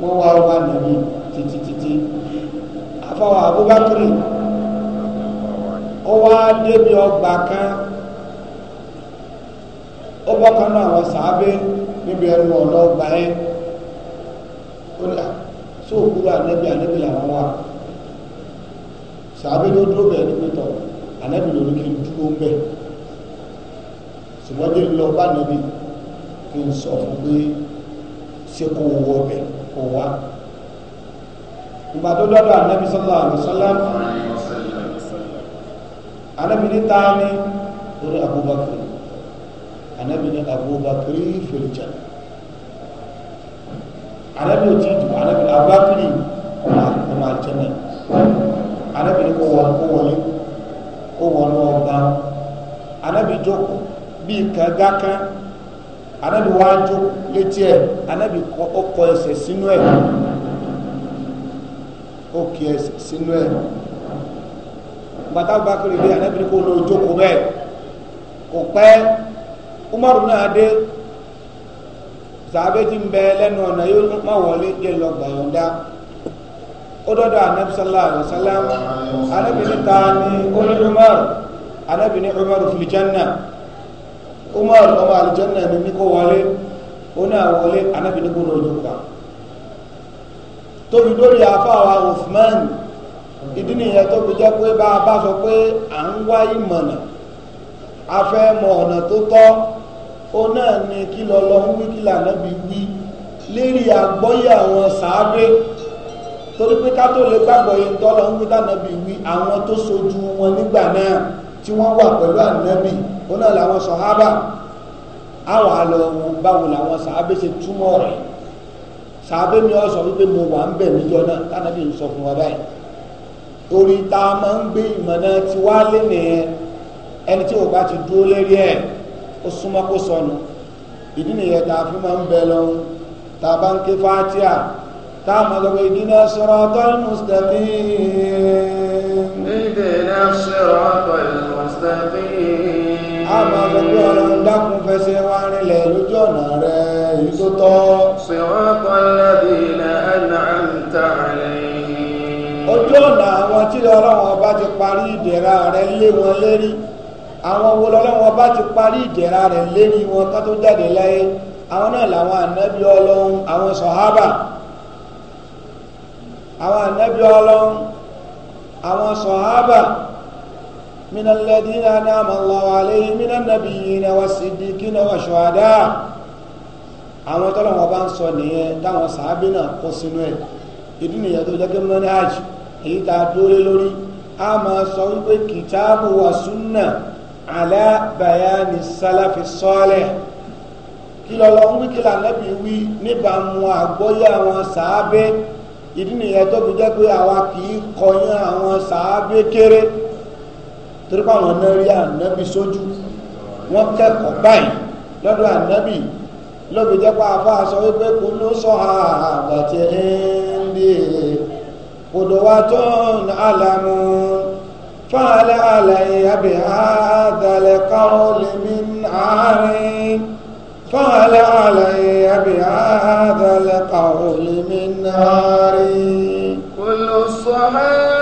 wọ́n wá wá nàbí títí títí afọwọ́ ó wá débi ọgbà kan ó bọ́kan náà àwọn sàábé níbi ẹnu ọ̀nà ọgbà yẹn ó ní sóòkúrò ànábì ànábì làwọn wà sàábé tó dúró bẹ̀rẹ̀ níbi ṣùgbọ́n jẹ́ lọ bá níbi kí n sọ fún pé ṣé kò wọ ọbẹ̀ kò wá. ìgbà tó dọ́dọ̀ ànábi sọ́lá àlùsọ́lá ànábi ní ta ni lórí Abubakar ànábi ní Abubakar fèrèjà ànábi ò tí ì dùn ànábi Abubakar ọmọ àjẹmẹ ànábi ní kò wọlé kò wọlé kò wọlé ọba ànábi jókòó bíi kànga kan anabi wájú létí ẹ anabi kọ ẹsẹ̀ sínú ẹ ó kì ẹsẹ̀ sínú ẹ gbàtà bàkìrì bíi anabi kò lọ jókòó bẹ́ẹ̀ kò pẹ́ umaru náà dé sàbẹ́tì ń bẹ lẹ́nu ọ̀nà yóò má wọlé jẹ́ lọ gbàyọ̀ǹda ó dọ́dọ̀ anabi sallallahu alayhi wa sallam anabi ní ta ni ó umaru anabi ní umaru fil janna umar ọmọ alijanna mi ní kó wọlé ó náà wọlé anábì ní kó lójú ká tóbi dórí afáwa Uthman ìdí nìyẹn tó fi jẹ́ pé bá a bá sọ pé à ń wá ìmọ̀nà a fẹ́ mọ ọ̀nà tó tọ́ ó náà ní kí lọ lọ ń wí kí lànà bí wí lérí àgbọ́yé àwọn sàábé torí pé ká tó lè gbàgbọ́ yẹn tọ́ lọ ń wí lànà bí wí àwọn tó sojú wọn nígbà náà tí wọ́n wà pẹ̀lú ànábì ó náà làwọn sọ̀hábà àwọn àlọ́ báwo làwọn sàábé ṣe túmọ̀ rẹ̀ sàábé mi ọ sọ wípé mo wà ń bẹ̀ níjọ náà tánàbí ń sọ fún wa báyìí torí tá a máa ń gbé ìmọ̀ náà ti wá lé nìyẹn ẹni tí o ti dúró lérí ẹ̀ ó súnmọ́ kó sọnù ìdí nìyẹn tá a fi máa ń bẹ lọ tá a bá ń ké fátíà tá a máa lọ ìdí náà sọ̀rọ̀ ọ̀tọ̀ ìmùsùlùmí. ìdí náà sọ̀rọ̀ ọ̀tọ̀ ìmùsùlùmí. a máa sọ pé ọlọ́run dákun fẹsẹ̀ wá rinlẹ̀ lójú ọ̀nà rẹ èyí tó tọ́. sèwọ́pọ̀ lẹ́bí iná ẹ̀nà àǹtà rẹ̀. ojú ọ̀nà àwọn tí ọlọ́run ọba ti parí ìdẹ̀ra rẹ̀ lé wọn lérí àwọn wo lọ́lọ́run ọba ti parí ìdẹ̀ra rẹ̀ lérí wọn ká tó jáde láyé àwọn náà làwọn ànábì ọlọ́run àwọn sọ̀hábà àwọn ànábì ọlọ́run àwọn sọ̀hábà. من الذين أنعم الله عليهم من النبيين والصديقين والشهداء àwọn tọ́lọ̀ wọn bá ń sọ nìyẹn táwọn sàábì náà kó sínú ẹ̀ ìdí nìyẹn tó jẹ́ pé mọ́nájì èyí tá a dúró lé lórí a máa sọ wípé kìtáàbù wa súnà ala bayani sálàfi sọ́ọ̀lẹ̀ kí lọ́lọ́ ń kí lànàbì wí níbàámu àgbọ́yé àwọn sàábì ìdí nìyẹn tó fi jẹ́ pé àwa kì í kọyán àwọn sàábì kéré torí pé àwọn náà rí ànábì sójú wọ́n kẹ́kọ̀ọ́ báyìí lọ́dọ̀ ànábì lóbi jẹ́ pé sọ wípé kò ló sọ àgbà tí ń dè kòdò tó ń alamu fàlẹ́ àlàyé àbí àdàlẹ̀ káwọ́ lèmi àárín fàlẹ́ àlàyé àbí àdàlẹ̀ káwọ́ lèmi àárín kò ló sọ àgbà.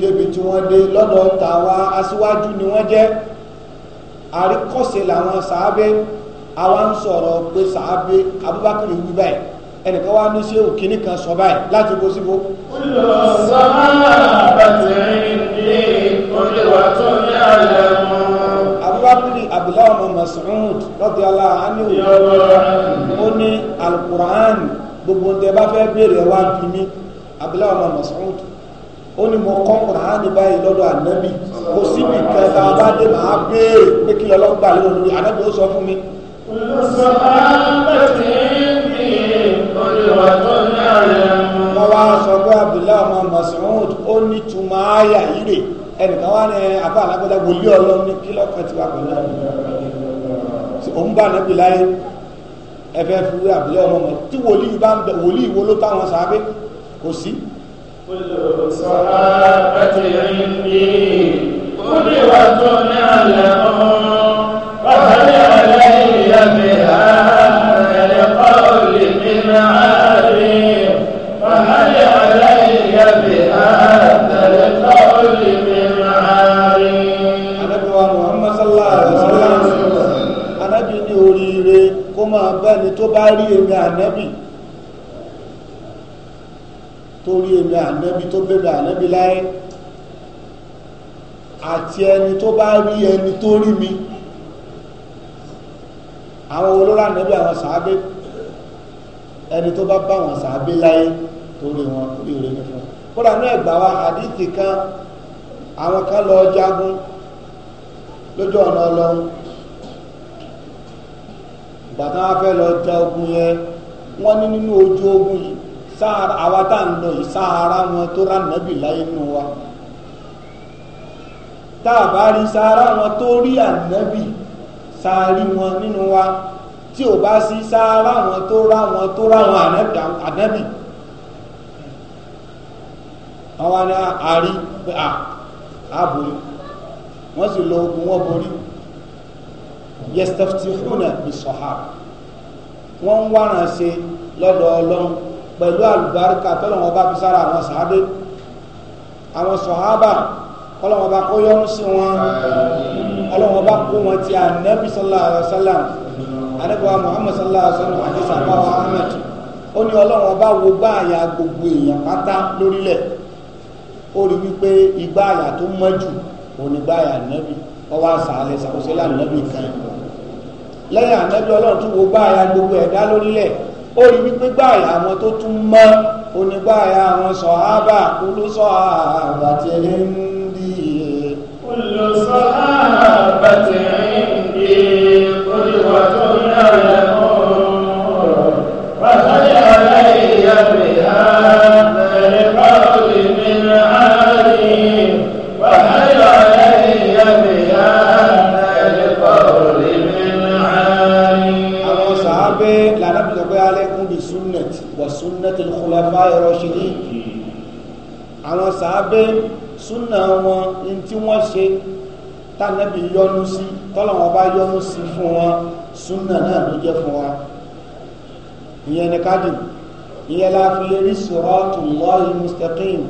débi tí wọ́n dé lọ́dọ̀ tàwa aṣíwájú ni wọ́n jẹ́ àríkọ́sẹ̀ làwọn sàábẹ́ àwa ń sọ̀rọ̀ pé sàábẹ́ Abubakar wí báyìí ẹnìkan wá ní ṣé òkìní kan sọ báyìí láti bó síbó. olùlọ sọ́mọ́ àbàtì ní olùwà tó ní ó ní alukur'an gbogbo ń tẹ bá fẹ́ béèrè wá bí mi Abdullahi ọmọ Mas'ud ó ní mo kọ́ kùránì báyìí lọ́dọ̀ ànábì kò síbi kẹta abáde màá béèrè e. pé kí ọlọ́gbà lórí olùdí ànábì ó sọ fún mi. wọ́n wá sọ pé abdullahi ọmọ masoud ó ní túmọ̀ ayà yìí rè ẹnìkan wá ní abá alágbádá wòlíì ọlọ́run ní kí lọ́kàn ti wà pẹ̀lú òun bá ànábì láyé ẹ̀fẹ́ fi wé abdullahi ọmọ tí wòlíì bá ń bẹ wòlíì wo ló táwọn sáfẹ́ kò sí. كل الصحابة عندي قدوة علمهم فهل علي بها لقول من عالم فهل علي بهذا لقول من عالم أنا محمد صلى الله عليه وسلم أنا بني أريد كما بني تباري من النبي mi ànábi tó bẹ̀rẹ̀ ànábi láyé àti ẹni tó bá rí ẹni tó rí mi àwọn olóró ànábi àwọn sàábé ẹni tó bá bá àwọn sàábé láyé torí wọn torí rẹ nìkan kódà náà ẹgbà wa àdìtì kan àwọn kan lọ jagun lójú ọ̀nà ọlọ́run ìgbà táwọn fẹ́ lọ ja yẹn wọ́n ní nínú ojú ogun yìí sáárà àwa tá à ń lọ yìí sáárà wọn tó rà nàbì láyé nù wa tá a bá rí sáárà wọn tó rí ànábì sáárì wọn nínú wa tí ò bá sí sáárà wọn tó rà wọn tó rà wọn ànábì àwa ni a a a borí wọ́n sì ogun wọn borí yẹstẹfutihuna bisọ̀hà wọ́n ń wáran ṣe lọ́dọ̀ ọlọ́run pẹ̀lú àlùbáríkà tọ́lọ́wọ́n bá fi sára àwọn sàádé àwọn sọ̀hábà ọlọ́wọ́n bá kó yọ́nú sí wọn ọlọ́wọ́n bá kó wọn ti ànábì sallallahu muhammad sallallahu alaihi wasallam àti sàbáwá ahmed ó ní ọlọ́wọ́n bá wo gbáàyà gbogbo èèyàn pátá lórílẹ̀ ó rí wípé igbáàyà tó mọ́ jù òní gbáàyà ànábì ọwọ́ àsàlẹ̀ sàkóso lẹ́yìn ànábì kan lẹ́yìn ànábì ọlọ́run tún wo gbáàyà gbogbo ẹ̀dá lórílẹ̀ ó rí wípé gbàrà àwọn tó tún mọ́ onígbàrà àwọn sọ̀hábà olóṣọ́ àbàtì rẹ̀ ń di olóṣọ́ àbàtì rẹ̀ ń di olùwà tó náà lẹ́mọ́ ọ̀rọ̀ pàtàkì aláìyá rẹ̀ á. khulafa rashidin àwọn sàábẹ́ súnà wọn ní tí wọ́n ṣe tànàbí yọ́nú sí tọ́lọ́wọ́n bá yọ́nú sí fún wọn súnà náà ló jẹ́ fún wa ìyẹn ni kádì ìyẹn la fi lè rí siratul lahi mustaqim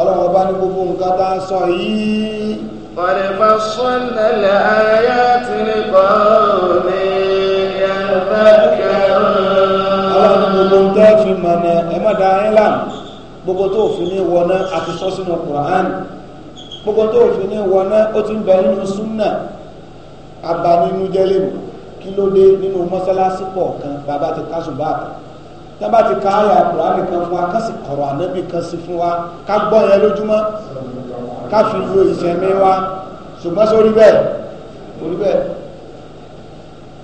ọlọ́wọ́n bá ní gbogbo nǹkan tá a sọ yìí. qad fassalna al-ayati li qawmin yadhakkarun. ọlọ́run gbogbo nǹkan fi mọ̀nà mọ́dá islam gbogbo tó fi ní wọná àti sọ sínú Qur'an gbogbo tó fi ní wọná ó ti ń bẹ nínú súnà abanínújẹ́lẹ̀ mọ́ kí ló dé nínú mọ́sálásí kọ̀ọ̀kan bàbá ti kásùn báàbà tábà ti ká àyà Qur'an kan fún wa ká sì kọ̀rọ̀ ànábì kan sí fún wa ká gbọ́ yẹn lójúmọ́ ká fi lo ìṣẹ̀mí wa ṣùgbọ́n sórí bẹ́ẹ̀ orí bẹ́ẹ̀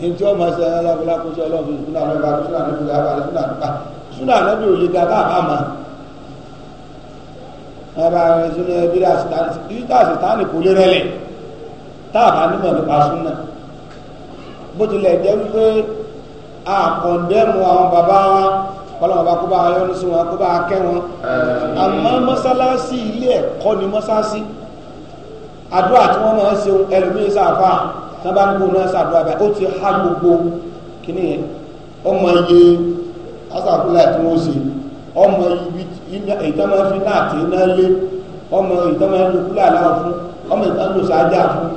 ní tí wọ́n máa ṣe alábọ́lá kó ṣe ọlọ́run ìṣúná mẹ́fà ìṣúná mẹ́fà ìṣúná mẹ́fà súnà ànábì ò lè ga bá àbá ma ẹ̀rọ àwọn súnà bídà sítánì kò lè rẹlẹ̀ tá a bá nímọ̀ nípa súnà bó tilẹ̀ jẹ́ wípé àkọ̀ndẹ́mu àwọn bàbá wa kọ́lọ́mọ̀ bá kó bá yọ́nu sí wọn kó bá kẹ́ wọn àmọ́ mọ́sálásí ilé ẹ̀kọ́ ni mọ́sálásí àdúrà tí wọ́n máa ń ṣe ẹlòmíín sáfà tí wọ́n bá ń gbóná ó ti há gbogbo kíní yẹn asàfilà tí wọ́n ṣe ọmọ ìtọ́mọ fi láti iná lé ọmọ ìtọ́mọ fi kúlà láwọn fún ọmọ ìtọ́mọ fi sáájà fún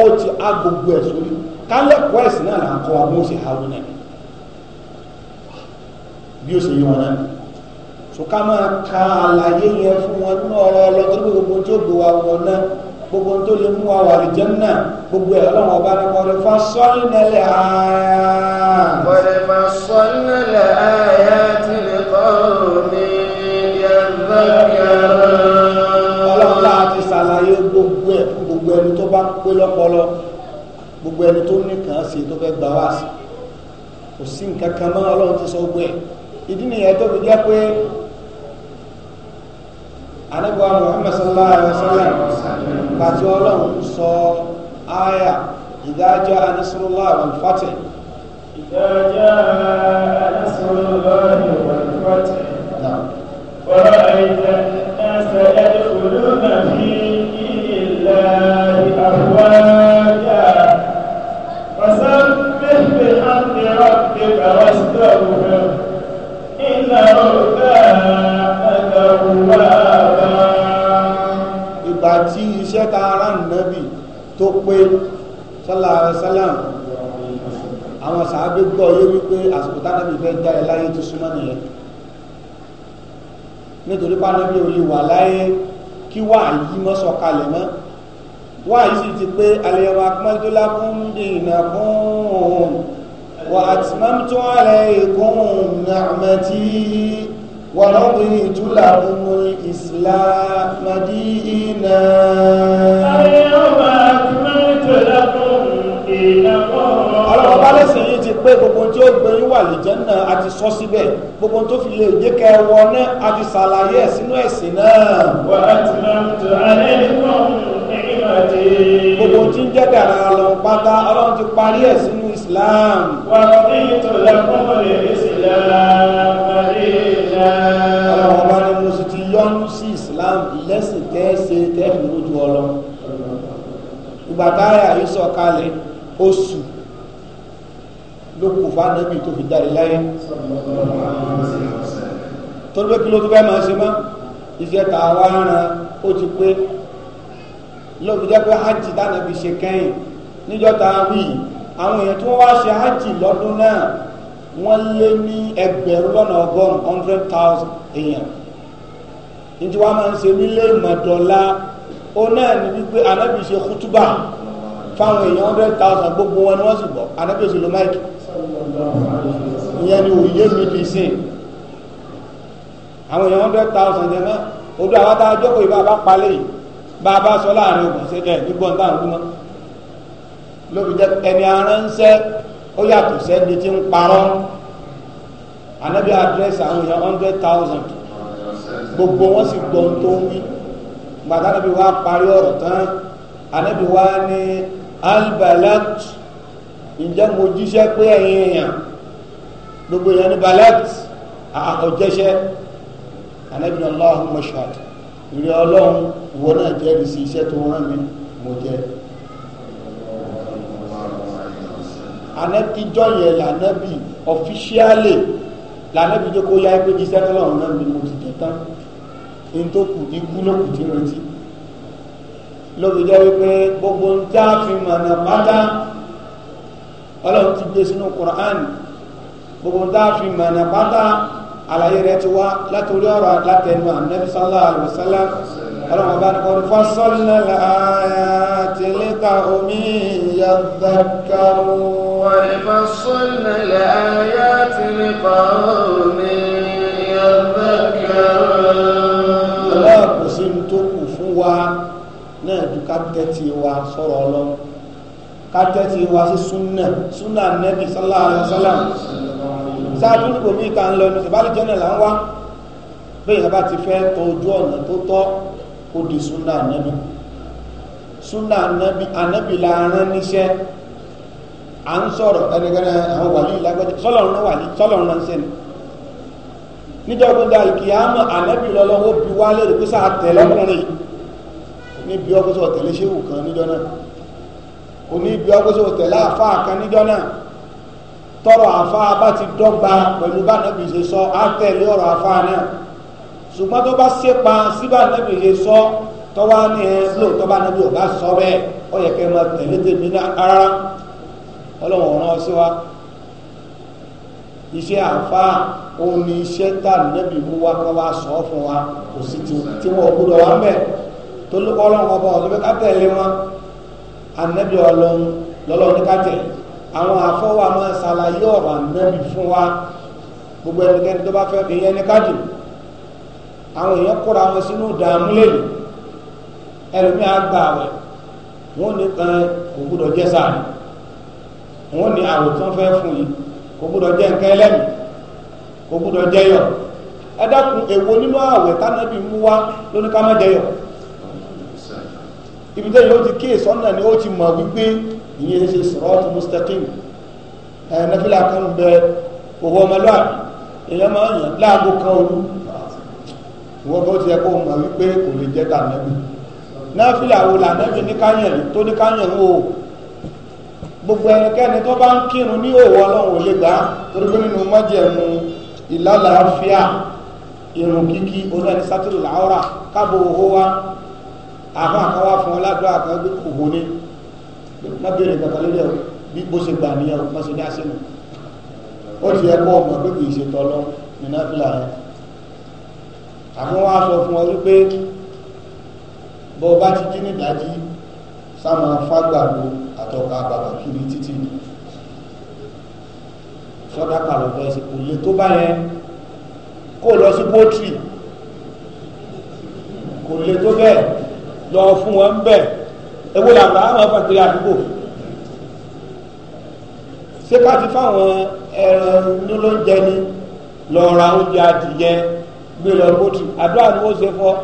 ọ ti á gbogbo ẹ̀ sórí kálẹ̀kọ́ ẹ̀sìn náà là ń kọ́ àwọn oṣù haruna ni bí ó ṣe yí wọn náà so ká máa ka àlàyé yẹn fún wọn ní ọ̀rọ̀ ọlọ́tọ́ gbogbo tí ó gbowó àwọn náà gbogbo tó lè mú wa wà lè jẹ́nà gbogbo ẹ̀ ọlọ́run ọba ní kọ́rẹ́ fa sọ́ọ́lì nílẹ̀ ààyà. kọ́rẹ́ fa sọ́ọ́lì nílẹ̀ ààyà ti lè kọ́ omi ọlọ́run láti ṣàlàyé gbogbo ẹ̀ fún gbogbo ẹni tó bá pé lọ́pọlọ gbogbo ẹni tó nìkan ṣe tó fẹ́ gbà wá sí kò sí nǹkan kan mọ́ ọlọ́run ti sọ gbogbo ẹ̀ ìdí nìyẹn tó fi jẹ́ pé anabiwa muhammad sallallahu alaihi wa sallam pàtó ọlọ́run sọ aya ìdájọ́ anasurulá wal fatih. ìdájọ́ anasurulá wal fatih. ورأيت الناس يدخلون في دين الله أفواجا فسبح بحمد ربك واستغفر إنه tí iṣẹ́ ta ara nàbì tó pé sọ́lá sálàm àwọn sàábé gbọ́ yé wípé àsìkò tánàbì fẹ́ já ẹ láyé tó súnmọ́ nìyẹn nítorí pánàbì ò lè wà láyé kí wà yí mọ́ sọ̀kalẹ̀ mọ́ wà yí sì ti pé alẹ́wà pọ́ńtólá fún dènà fún wà àtìmọ́mtò alẹ́ ìkún nàmẹ́tì. ورضيت لهم الإسلام دينا اليوم أكملت لكم دينكم ọlọ́run ọba lẹ́sìn yìí ti pé gbogbo tí ó gbé yín wà lè jẹ́ náà a ti sọ síbẹ̀ gbogbo tó fi lè jẹ́ kẹ́ ẹ wọ náà a ti ṣàlàyé ẹ̀ sínú ẹ̀sìn náà. wà á ti máa ń tọ́ alẹ́ nípa ìmọ̀dé. gbogbo tí ń jẹ́ dàrá lọ pátá ọlọ́run ti parí ẹ̀ sínú Islam. wà fi ìtọ́lá fún ọ̀rẹ́ Islam. tẹ́ ẹ ṣe tẹ́ ẹ fi wojú ọlọ ìgbà táyà yìí sọ kalẹ̀ oṣù ló kù fún anabi tó fi jáde láyé tó ló kí ló tó fẹ́ máa ṣe mọ́ iṣẹ́ tá a wá ran ó ti pé lóbi jẹ́ pé hajj tánàbí ṣe kẹ́yìn níjọ́ tá a wí àwọn èèyàn tí wọ́n wá ṣe hajj lọ́dún náà wọ́n lé ní ẹgbẹ̀rún lọ́nà ọgọ́rùn-ún hundred thousand èèyàn nítí wàá máa ń ṣe nílé ìmọ̀dọ́lá ó náà ní wípé anábì ṣe kútúbà fáwọn èèyàn hundred thousand gbogbo wọn ni wọ́n sì gbọ́ anábì ṣe lo máìkì ìyẹn ni òye mi fi sìn àwọn èèyàn hundred thousand jẹ́ náà odò àwọn tá a jókòó yìí bá a bá palẹ̀ yìí bá a bá sọ láàrin ogun ṣe ẹ̀ gbígbọ́n tá à ń dúmọ́ lóbi jẹ́ ẹni aránṣẹ́ ó yàtọ̀ sẹ́ni tí ń parọ́ anábì àdírẹ́sì àwọn èèyàn hundred thousand gbogbo wọn sì gbọ́ ohun tó ń wí gbàtà níbi wá parí ọ̀rọ̀ tán ànábi wá ní albalat ǹjẹ́ mo jíṣẹ́ pé ẹ̀yin èèyàn gbogbo èèyàn ní balat àkọ́jẹ́ṣẹ́ ànábi náà lọ́hùn mọ́ṣáàd ìrẹ́ ọlọ́run ìwọ náà jẹ́rìí sí iṣẹ́ tó rán mi mo jẹ́ ànábìjọ́ yẹn lànábì ọ̀fíṣíálì lànábìjọ́ kó yá ẹgbẹ́ jíṣẹ́ náà lọ́run náà ni mo ti jẹ tán n tó kù ní kú ló kù tí retí lóbi jẹ́ wípé gbogbo ń tá a fi mọ̀nà pátá ọlọ́run ti gbé sínú Qur'an gbogbo ń tá a fi mọ̀nà pátá àlàyé rẹ̀ ti wá látòrí ọ̀rọ̀ látẹnu ànábi sallallahu alaihi wasallam ọlọ́run ọba ní kọ́ni fásọ́lẹ̀ ayati liqaumi yadhakkarun. wọ́n ní fásọ́lẹ̀ ayati liqaumi yadhakkarun wa náà ju ká tẹ́tí wa sọ̀rọ̀ ọlọ́run ká tẹ́tí wa sí súnà súnà nẹ́bí sallallahu alaihi wasallam ṣáájú ní kò ní ìka ń lọ ní ìbálẹ̀ jẹ́nà là ń wá bẹ́ẹ̀ yẹn bá ti fẹ́ tọ ojú ọ̀nà tó tọ́ kó di súnà nẹ́bí súnà nẹ́bí anẹ́bí la rán níṣẹ́ à ń sọ̀rọ̀ ẹnikẹ́ni àwọn wàlí ìlágbẹ́jẹ sọ́lọ́run náà wàlí sọ́lọ́run náà ń sẹ́ni níjọ́ gbọ́dọ̀ àlùkìyàmọ̀ anẹ́bí lọ́lọ́wọ́ bí wálé rẹ̀ pé sáà tẹ̀ lọ́kùnrin níbi ọgbẹ́sọ̀ tẹ̀lé ṣéwù kan níjọ́ náà kò ní ibi ọgbẹ́sọ̀ tẹ̀lé àfáà kan níjọ́ náà tọrọ àfáà bá ti dọ́gba pẹ̀lú bá nàbì ṣe sọ á tẹ̀lé ọ̀rọ̀ àfáà náà ṣùgbọ́n tó bá sépa sí bá nàbì ṣe sọ tọ́wá ní ẹ lóòótọ́ bá nàbì ò bá sọ bẹ́ẹ̀ ó yẹ kẹ́ ẹ máa tẹ̀lé tèmi náà rárá ọlọ́run ọ̀ràn ọ tó lóko ọlọ́run ọba ọ̀lọ́bẹ ká anabi ọlọ́run lọ́lọ́run ní ká àwọn àfọwọ́ àmọ́ ṣàlàyé ọ̀rọ̀ anabi fún wa gbogbo ẹnikẹ́ni tó bá fẹ́ ìyẹn ní káàdì àwọn èèyàn kóra wọn sínú ìdààmú lèlè ẹlòmí àgbà wẹ̀ wọ́n ní kan kò gbúdọ̀ jẹ́ sáré wọ́n ní àwòtán fẹ́ fún yìí kò gbúdọ̀ jẹ́ nǹkan ẹlẹ́mìí kò gbúdọ̀ jẹ́ yọ̀ ẹ dákun èwo nínú àwẹ̀ tánàbí mú wá ibi tẹ́lẹ̀ ó ti kí ìsọ́nà ni ó ti mọ̀ wípé ìyẹn ṣe siratu mustaqim ẹ̀ nàfílà kan bẹ owó ọmọlúwàbí èèyàn máa ń yàn láago kan olú ìwọ́n bó ti yẹ kó mọ̀ wípé kò lè jẹ́ tànẹ́bì nàfílà wo lànẹ́bì ní káyàn tó ní káyàn wò ó gbogbo ẹnikẹ́ni tó bá ń kírun ní òwò ọlọ́run ò lè gbà torí pé nínú májẹ̀mú ìlàlàáfíà irun kíkí olóyìn sátìrì làárà káàbò owó wa àfa kan wá fún ọ ládùúgbò àkàn gbé ògùn ni má béèrè kankan lórí ẹ bí bó ṣe gbà nìyẹn má ṣe ní àṣẹnu ó ti yẹ kó ọmọ pé kì í ṣe tọlọ nínú ẹfìlà yẹn àmọ́ wá sọ fún ọ wípé bó bá ti jí nídàájí sáwọn afágbàdo àtọkà bàbà kiri títì sọdá kàlọ́ bẹ́ẹ̀ sì kò lè tó bá yẹn kó lọ sí pọ́tìrì kò lè tó bẹ́ẹ̀ lọ fún wọn bẹ́ẹ̀ ewu làbá àwọn afàkiri àdúgbò ṣé ká ti fáwọn ẹran nílóúnjẹ ni lọ ra oúnjẹ adìyẹ gbé lọ bótù àdúrà ni wọ́n ṣe fọ́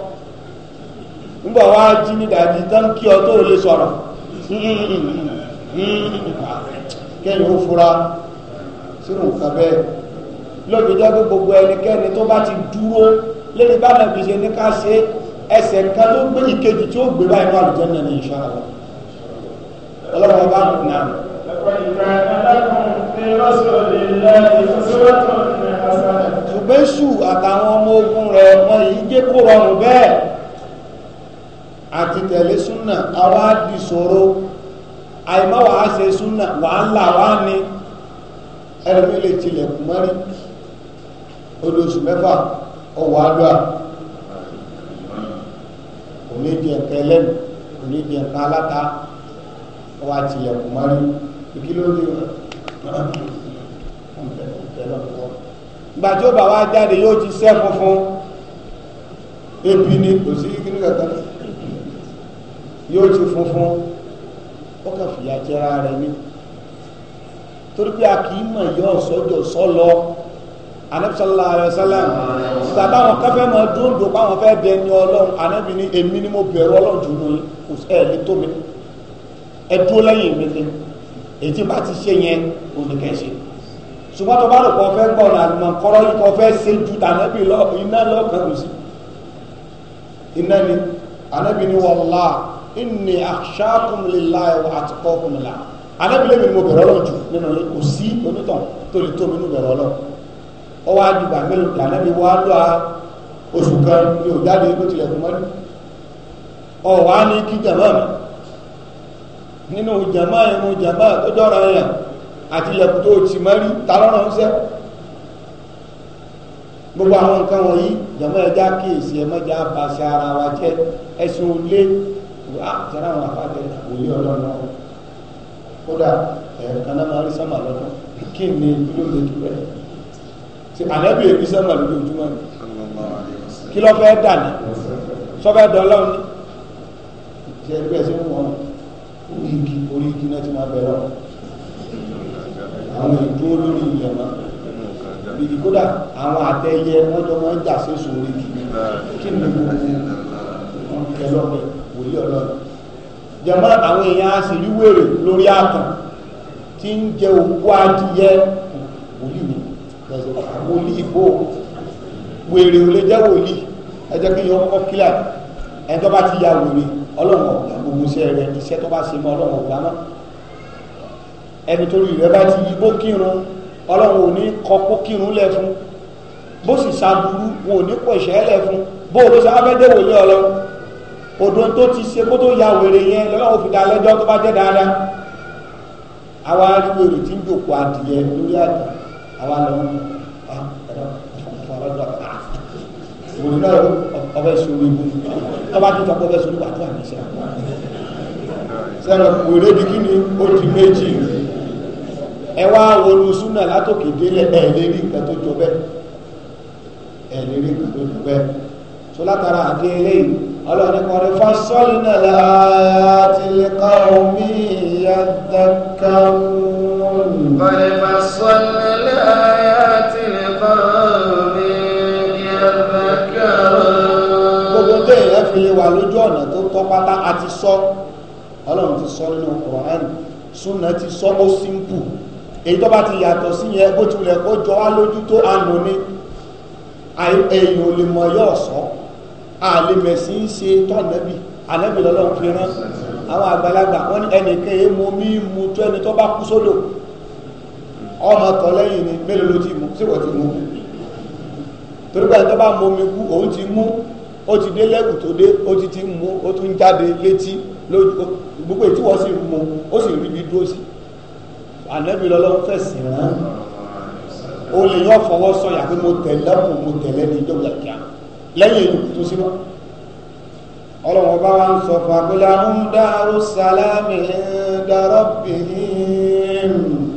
nígbà wàá jí ní dàbí tán kí ọ tó lè sọ̀rọ̀ kẹ́yìn ó fura sínú nǹkan bẹ́ẹ̀ lóbi jẹ́ pé gbogbo ẹnikẹ́ni tó bá ti dúró lórí bá nàbí ṣe ní ká ṣe é ẹsẹ̀ kan ló gbé ìkejì tí ó gbé báyìí ní àlùjọ náà ní insha Allah ọlọ́run ọba nà. ṣùgbọ́n ṣù àtàwọn ọmọ ogun rẹ̀ ọmọ yìí jẹ́ kó rọrùn bẹ́ẹ̀ àti tẹ̀lé súnà àwa di ṣòro àìmọ́ wàá ṣe súnà wàhálà wá ní ẹlòmílẹ̀ tilẹ̀kùn mọ́rí olóṣù mẹ́fà ọwọ́ àdúrà kò ní di ẹ̀ka ẹlẹ́nu kò ní di ẹ̀ka aláta ọwọ́ àti ìyẹ̀kù mọ́rí kí ló ní gbàtí ó bá wá jáde yóò ti sẹ́ funfun ebi ni kò sí kíní kankan yóò ti funfun ó kàn fìyà jẹra rẹ̀ ni torí pé a kì í mọ̀ yọ ọ̀sọ́jọ́ sọ́lọ́. So anabisalaam alayisalaam sàbá wọn kẹfẹ máa dún dùn báwọn fẹ́ bẹ ní Ọlọ́run anabi ni èmi ni mo bẹ̀rù Ọlọ́run jù ní kò ẹ ní tó mi ẹ dúró lẹ́yìn mi ni èyí bá ti ṣe yẹn olùkẹ́ ṣe ṣùgbọ́n bá lò kọ́ fẹ́ gbọ́ ọ̀nà àlùmọ̀ kọ́rọ́ yìí kọ́ fẹ́ ṣe ju tànàbí lọ iná lọ́kàn kù iná ni anabi ni wàllá inni akhshakum lillahi wa atqakum la mo bẹ̀rù Ọlọ́run nínú kò sí onítàn tó lè tó mi nù bẹ̀rù Ọlọ́run ọwọ́ àdìgbà mélòó lànàbí wà lọ́ a oṣù kan ní òjáde bó tilẹ̀ kú mọ́lú ọwọ́ á ní kí jàmá mi nínú jàmá ìmú jàmá tó jọra yẹn àti ilẹ̀kùn tó ti mọ́rí ta lọ́rọ̀ ń sẹ́ gbogbo àwọn nǹkan wọ̀nyí jàmá ẹja kíyèsí ẹ̀mọ́jà bàṣẹ ara wa jẹ́ ẹ̀sùn olé àtẹ̀rẹ́ àwọn afáàjẹ òye ọlọ́run kódà ẹ̀ẹ̀kan náà máa rí kí ni kí lè dúró ẹ̀ ṣe ànábì èkú sẹ́mà lójoojúmọ́ ni kí ló fẹ́ dà ní sọ́fẹ́ dán lọ́wọ́ ní ṣe ẹgbẹ́ sí wọn orí igi orí igi náà ti máa bẹ̀rẹ̀ wọn àwọn ìdúró lórí ilẹ̀ mọ́ ìdí kódà àwọn àtẹyẹ wọn jọ máa ń jà sí sùn orí igi kí ni wọn kẹ lọ́pẹ wòlíì ọlọ́run jẹ́mọ́ àwọn èèyàn á sì rí wèrè lórí àtàn tí ń jẹ òkú adìyẹ wòlíì bò wèrè ò lè jẹ́ wòlíì ẹ jẹ́ kí yọ kọ́kọ́ kílà ẹni tó bá ti ya wèrè ọlọ́run ọ̀gbà gbogbo iṣẹ́ rẹ iṣẹ́ tó bá ṣe mọ́ ọlọ́run ọ̀gbà náà ẹni torí rẹ bá ti yí bó kírun ọlọ́run ò ní kọ kó kírun lẹ̀ fún bó sì ṣàbùrú wọn ò ní kọ ìṣẹ́ lẹ̀ fún bó o ló ṣe abẹ́dẹ́wò lé ọlọ́run odò tó ti ṣe kó tó ya wèrè yẹn lọ́lọ́run fi da lẹ́jọ́ tó bá jẹ́ dáadáa àwa rí wèrè tí ń jòkó adìyẹ lórí àdì àwa lọ́wọ́ òun náà ọbẹ̀ sọ̀rọ̀ ibu ọba tó tọpọ̀ ọbẹ̀ sọ̀rọ̀ pàtó àmìṣà sẹ́rọ̀ wèrè di kí ni ó di méjì ẹ wá wọnú súnà látòkè délẹ̀ ẹ̀ lè rí nǹkan tó jọ bẹ́ẹ̀ ẹ̀ lè tó jọ bẹ́ẹ̀ tó látara àdé eléyìí ọlọ́ni kọrin fásọ́lìnà láti lè ká omi ìyá dákàrún. kọrin fásọ́lìnà láti pé wa lójú ọ̀nà tó tọ́ pátá a ti sọ ọlọ́run ti sọ nínú Quran súnà ti sọ ó simple èyí tó bá ti yàtọ̀ sí yẹn bó tilẹ̀ kó jọ wá lójú tó àánú ni èyàn ò lè mọ yóò sọ àlèmẹ̀sí ń ṣe tọ́nẹ́bì ànẹ́bì lọ́lọ́run fi rán àwọn àgbàlagbà wọ́n ní ẹnìkan èé mu mí mu tó ẹni tó bá kú sódò ọmọ tọ̀ lẹ́yìn ni mélòó ló ti mú síwọ̀ ti mú torí pé ẹni tó bá mu omi kú òun ti mú ó ti dé lẹ́gùn tó dé ó ti ti mú ó tún jáde létí lójú gbogbo ètí wọ́n sì mú ó sì rí ibi dúró sí ànábì lọ́lọ́run fẹ̀sìn rán ó lè yọ fọwọ́ sọyà pé mo tẹ̀lé kù mo tẹ̀lé ní ìjọba kíá lẹ́yìn ìlú tó sínú ọlọ́wọ́n bá wá ń sọ fún abúlé àwọn dárú sálámì dárọ́bìnrin.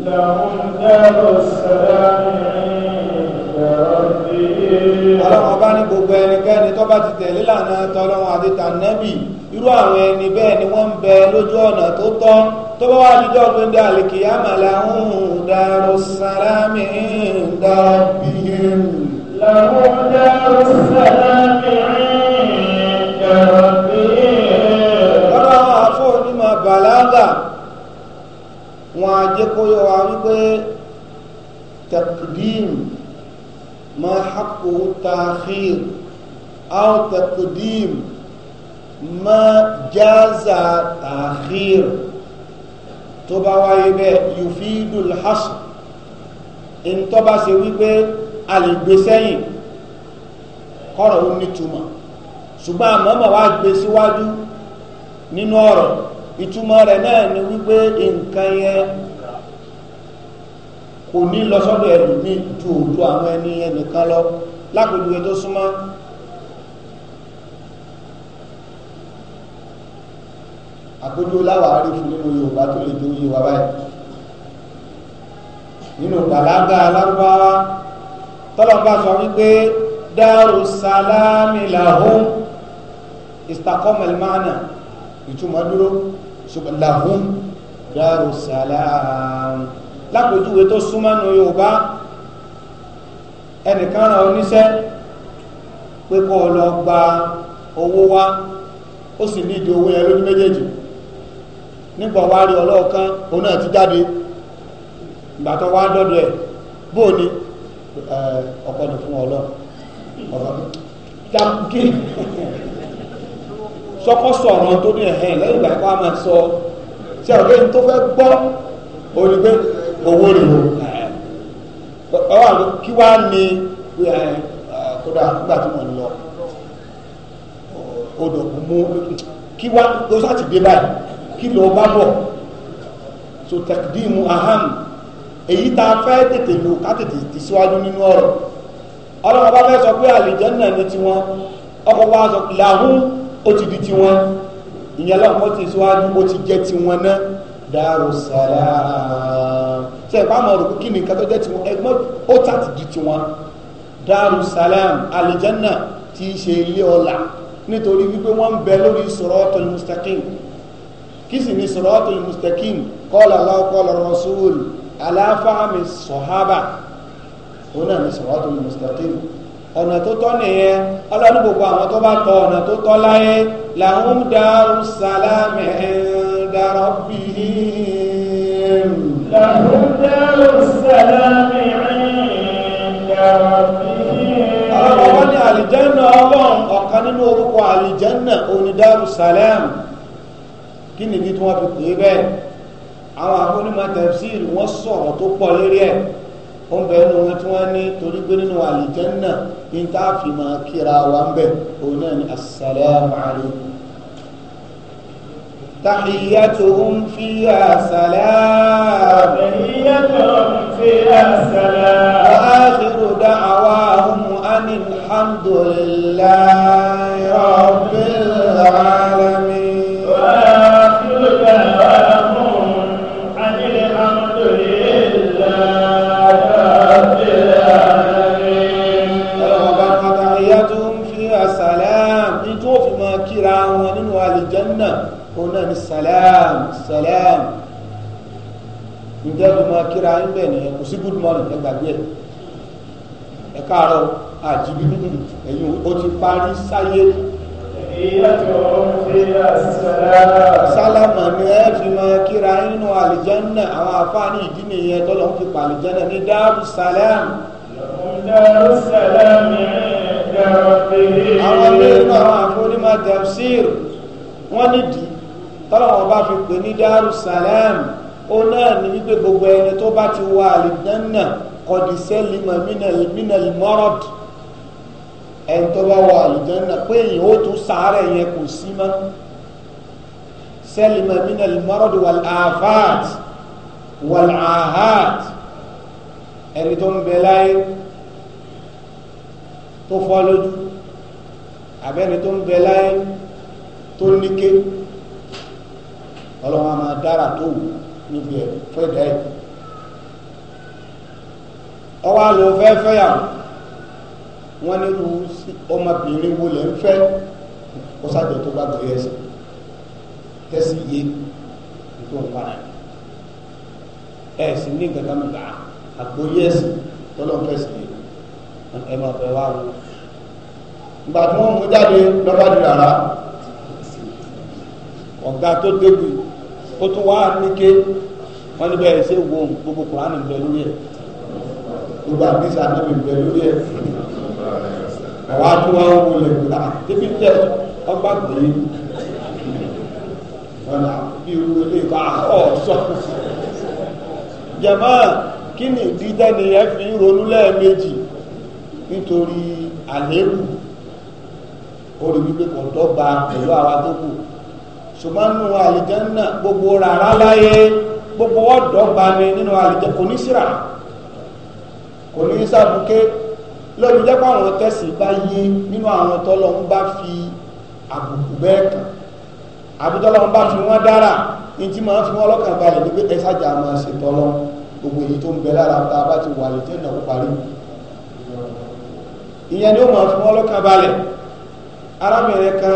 làwọn dárú sálámì ọlọ́run ọba ní gbogbo ẹnikẹ́ni tó bá ti tẹ̀lé lànà tọlọ́run àti tànẹ́bì irú àwọn ẹni bẹ́ẹ̀ ni wọ́n ń bẹ lójú ọ̀nà tó tọ́ tó bá wà dídọ́ pé ń da àlìkìyàmà làwọn dàrú sàlámì ń dàrú bíi. làwọn dàrú sàlámì ń dàrú bíi. lọ́dọ̀ àfọ onímọ̀ bàlágà wọn àjẹkọyọ wa wípé tẹkidíìmù. ما حقه التأخير أو تقديم ما جاز تأخير تبا ويبه يفيد الحصر إن تبا سويبه البسين kọ́rọ̀ ó nítumọ̀ ṣùgbọ́n àmọ́mọ̀ wá gbé síwájú nínú ọ̀rọ̀ ìtumọ̀ rẹ̀ náà ni wípé nǹkan yẹn kò ní lọ sọ́dọ̀ ẹ̀rù ní ju òdu àwọn ẹni ẹnìkan lọ lápèjúwe tó súnmọ́ àpèjúwe láwàá rí fún nínú Yorùbá tó lè dé oyè wa báyìí nínú bàlágà alárúbáwá tọ́lọ́pàá sọ wípé dáàrú sálámì làhùn ìstakọ́mọ̀lmánà ìtumọ̀ dúró dáàrú sálámì lápèjúwe tó súnmọ́ nu yorùbá ẹnìkan ràn ọ níṣẹ́ pé kó o lọ gba owó wá ó sì ní ìdí owó yẹn lójú méjèèjì nígbà wá rí ọlọ́ọ̀kan òun náà ti jáde ìgbà tó wá dọ́dọ̀ ẹ̀ bóò ni ọkọ ni fún ọlọ́ ọ̀rọ̀ dákúkí sọkọ sọ̀rọ̀ tó ní ẹ̀hẹ́n lẹ́yìn ìgbà kan a máa sọ ṣé ọ̀gẹ́ni tó fẹ́ gbọ́ òní owó rè o ọwọ́ àti kí wá ní kódà nígbà tí mo lọ odò kò mú kí wá lọ sáà ti dé báyìí kí lọ bá bọ̀ so tẹkidimu aham èyí tá a fẹ́ tètè lò ká tètè tẹ̀síwájú nínú ọ̀rọ̀ ọlọ́run bá fẹ́ sọ pé àlìjẹ́nà ni tiwọn ọkọ̀ wa sọ làhún ó ti di tiwọn ìyẹn lọ́kùnrin tẹ̀síwájú ó ti jẹ́ tiwọn náà darussalam ṣe ìpamọ́ rẹ̀ kí ni nǹkan tó jẹ́ tiwọn ẹgbọ́n ó tàti di tiwọn darussalam alijanna ti ṣe ilé ọlà nítorí wípé wọ́n ń bẹ lórí siratul mustaqim kí sì ni siratul mustaqim qala Allah qala rasul ala fahmi sọ̀hábà ó náà ní siratul mustaqim ọ̀nà tó tọ́ nìyẹn ọlọ́run gbogbo àwọn tó bá tọ ọ̀nà tó tọ́ láyé làwọn ń darussalam ẹ̀ ẹ́ ربهم له دار السلام عند ربهم ọlọ́wọ́ ní àlìjẹ́nà ọlọ́run ọ̀kan nínú orúkọ àlìjẹ́nà òní dárú sàlẹ́m kí nìdí tí wọ́n fi pè é bẹ́ẹ̀ àwọn akónímọ̀ tẹ̀síìrì wọ́n sọ̀rọ̀ tó pọ̀ lérí ẹ̀ ó ń bẹ nínú wọn tí wọ́n ní torí pé nínú àlìjẹ́nà ní tá a fi máa kíra wa ń bẹ̀ òun náà ní asàlẹ́m àlẹ́kùn. تحيتهم فيها سلام تحيتهم فيها سلام وآخر دعواهم أن الحمد لله رب العالمين salam salam ǹjẹ́ kò máa kíra ń bẹ̀ nìyẹn kò sí good morning ẹ gbàgbé ẹ ẹ káàárọ̀ àjíbí ẹ̀yin ó ti parí sáyé. sálámà ni ẹ fi máa kíra nínú àlìjánná àwọn afáàní ìdí nìyẹn tó lọ́n fi pa àlìjánná ní dáàbù sálám. dáàbù sálám yẹn dáàbù àwọn ilé ìwé àwọn àfọwọ́nímọ̀ tafsir wọ́n ní dì tọ́lọ́wọ́n bá fi pè ní Darussalam ó náà ní wípé gbogbo ẹni tó bá ti wọ àlìdánná kọ̀dísẹ́ lima minal marad ẹni tó bá wọ àlìdánná pé èyàn ó tún sàárẹ̀ yẹn kò sí mọ́ sẹ́lima minal marad wal afat wal ahad ẹni tó ń bẹ láyé tó fọ́ lójú àbẹ́ni tó ń bẹ láyé tó níké ọlọ́run á máa dára tó wù níbi ẹ̀ fún ẹ̀dá ẹ̀ ọwọ́ àlò fẹ́ fẹ́yàwó wọ́n ní irú ọmọbìnrin wo lẹ́ ń fẹ́ kó sábẹ tó bá gbé ẹsẹ̀ tẹsí yé tó ń para ẹ sì ní nǹkan kan gbà àgbóyé ẹsẹ̀ tọlọmfẹ sì yé ẹ máa fẹ́ wá lọ ìgbà tí wọ́n mú jáde lọ́ba rárá ọ̀gá tó débi o tó wá níke wọ́n níbẹ̀ ẹ̀ ṣe wo gbogbo kùránì bẹ lórí ẹ̀ gbogbo àdìsí àdìsí bẹ lórí ẹ̀ àwọn àtúwà owó lè gbà débi tẹ ọgbà pè é ọ̀nà bí irú ilé ìgbà ọ̀ sọ jama kí ni ìdídá ni ẹ fi ń ronú lẹ́ẹ̀mejì nítorí àléébù ó rí wípé kò dọ́gba pẹ̀lú àwa tó ṣùgbọ́n nínú àlìjẹ́nà gbogbo rárá láyé gbogbo ọ̀dọ́ gba ni nínú àlìjẹ́ kò ní síra kò ní sábùké lórí jẹ́ pé àwọn tẹ̀sí bá yé nínú àwọn tọ́lọ́ ń bá fi àbùkù bẹ́ẹ̀ kàn àbí tọ́lọ́ ń bá fi wọ́n dára ní tí màá fi wọ́n lọ́kàn balẹ̀ ní pé ẹ sájà máa ṣe tọ́lọ́ gbogbo èyí tó ń bẹ lára tá a bá ti wà àlìjẹ́nà ó parí ìyẹn ni ó máa fi wọ́n lọ́kàn balẹ̀ arábìnrin kan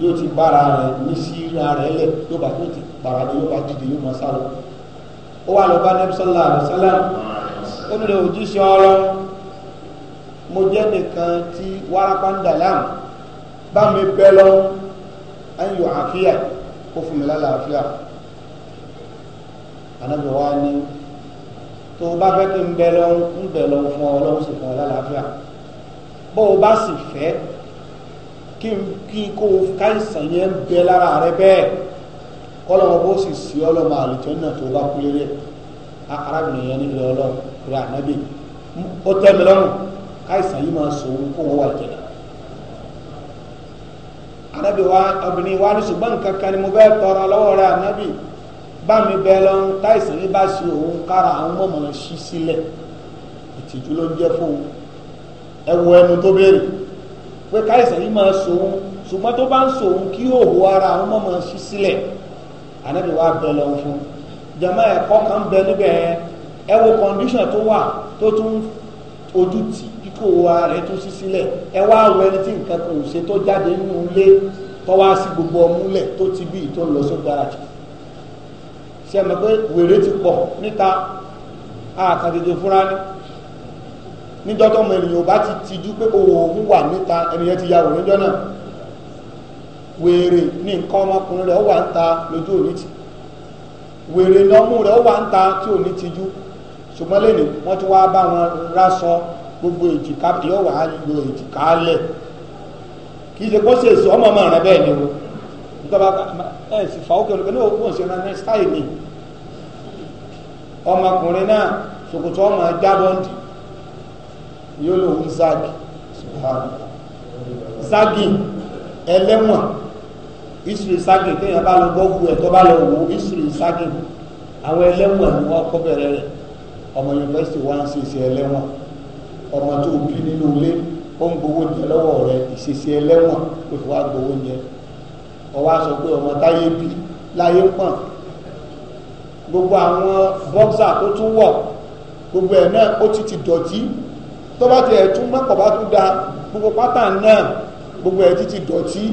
yóò ti bára rẹ̀ ní síra rẹ̀ lẹ̀ yóò bá yóò ti bára rẹ̀ yóò bá dìde yóò máa sálọ. ó wà lọ bá nẹ́bí sọ́lá rẹ̀ ó nílò ojúṣe ọlọ́ mo jẹ́ nìkan tí wárápá ń dà láàmú bá mi lọ ayò àfíà fún mi wa ni tó o bá fẹ́ kí n bẹ́ lọ ń bẹ̀ lọ fún ọ lọ́wọ́ sì kí n kí kó káìsàn yẹn bẹ lára rẹ bẹ́ẹ̀ kọ́lọ́wọ́ bó sì sí ọlọ́mọ àlùjànnà tó bá kú lérè arábìnrin yẹn nílò ọlọ́run rẹ ànábì ó tẹ́ mi lọ́rùn káìsàn yìí máa sọ òun kó wọ́n wà jẹ̀dá ànábì wa obìnrin wa ní ṣùgbọ́n nǹkan kan ni mo bẹ́ẹ̀ tọrọ lọ́wọ́ rẹ ànábì bá mi bẹ lọ́run káìsàn yìí bá ṣe òun kára àwọn mọ̀mọ́ ṣí sílẹ̀ ìtìjú ló ń jẹ́ fóun ẹ wo ẹnu tó béèrè pé káìsàn yìí máa sòun ṣùgbọ́n tó bá ń sòun kí òhò ara àwọn ọmọ máa ṣí sílẹ̀ ànábì wa bẹ lọ fún jama ẹ̀kọ́ kan bẹ níbẹ̀ ẹ wo kọndíṣàn tó wà tó tún ojú tì kíkó wa rẹ̀ tún ṣí sílẹ̀ ẹ wá wọ ẹni tí nǹkan kò ṣe tó jáde nínú ilé tó wá sí gbogbo ọmúlẹ̀ tó ti bí tó ń lọ sógbó ara jù ṣe é mọ̀ pé wèrè ti pọ̀ níta àkàdédé fúnra ní. níjọ́ tó mọ ènìyàn bá ti tijú pé òun wà níta ènìyàn ti ya níjọ́ náà wèrè ní nǹkan ọmọkùnrin rẹ̀ ó wà ń ta lójú òní ti wèrè lọ́mú rẹ̀ ó wà ń ta tí òní tijú ṣùgbọ́n lẹ́nu wọ́n ti wá bá gbogbo èjìká bí ó wà á lo èjìká lẹ̀ kì í ṣe kó ṣe èso ọmọ ọmọ rẹ bẹ́ẹ̀ ni o ìjọba ẹ sì yóò lò ń zagi zagi ẹlẹ́wọ̀n ìsìrì zagi téèyàn bá lọ gbọ́kú ẹ̀ tó bá lọ wò ìsìrì zagi àwọn ẹlẹ́wọ̀n ni wọ́n kọ́ bẹ̀rẹ̀ rẹ̀ ọmọ yunifásitì wa ń ṣe iṣẹ́ ẹlẹ́wọ̀n ọmọ tó bí nínú ilé ó ń gbowó jẹ lọ́wọ́ rẹ̀ ìṣesí ẹlẹ́wọ̀n ó fi wá gbowó jẹ ọwọ́ aṣọ pé ọmọ táyé bí láyé pọ̀n gbogbo àwọn bọ́ksà tó tún wọ̀ gbogbo ẹ̀ náà ó ti ti dọ̀tí tọ́ba tiẹ̀ tún mọ́kọ̀ bá tún da gbogbo pátá náà gbogbo ẹ̀ títí dọ̀tí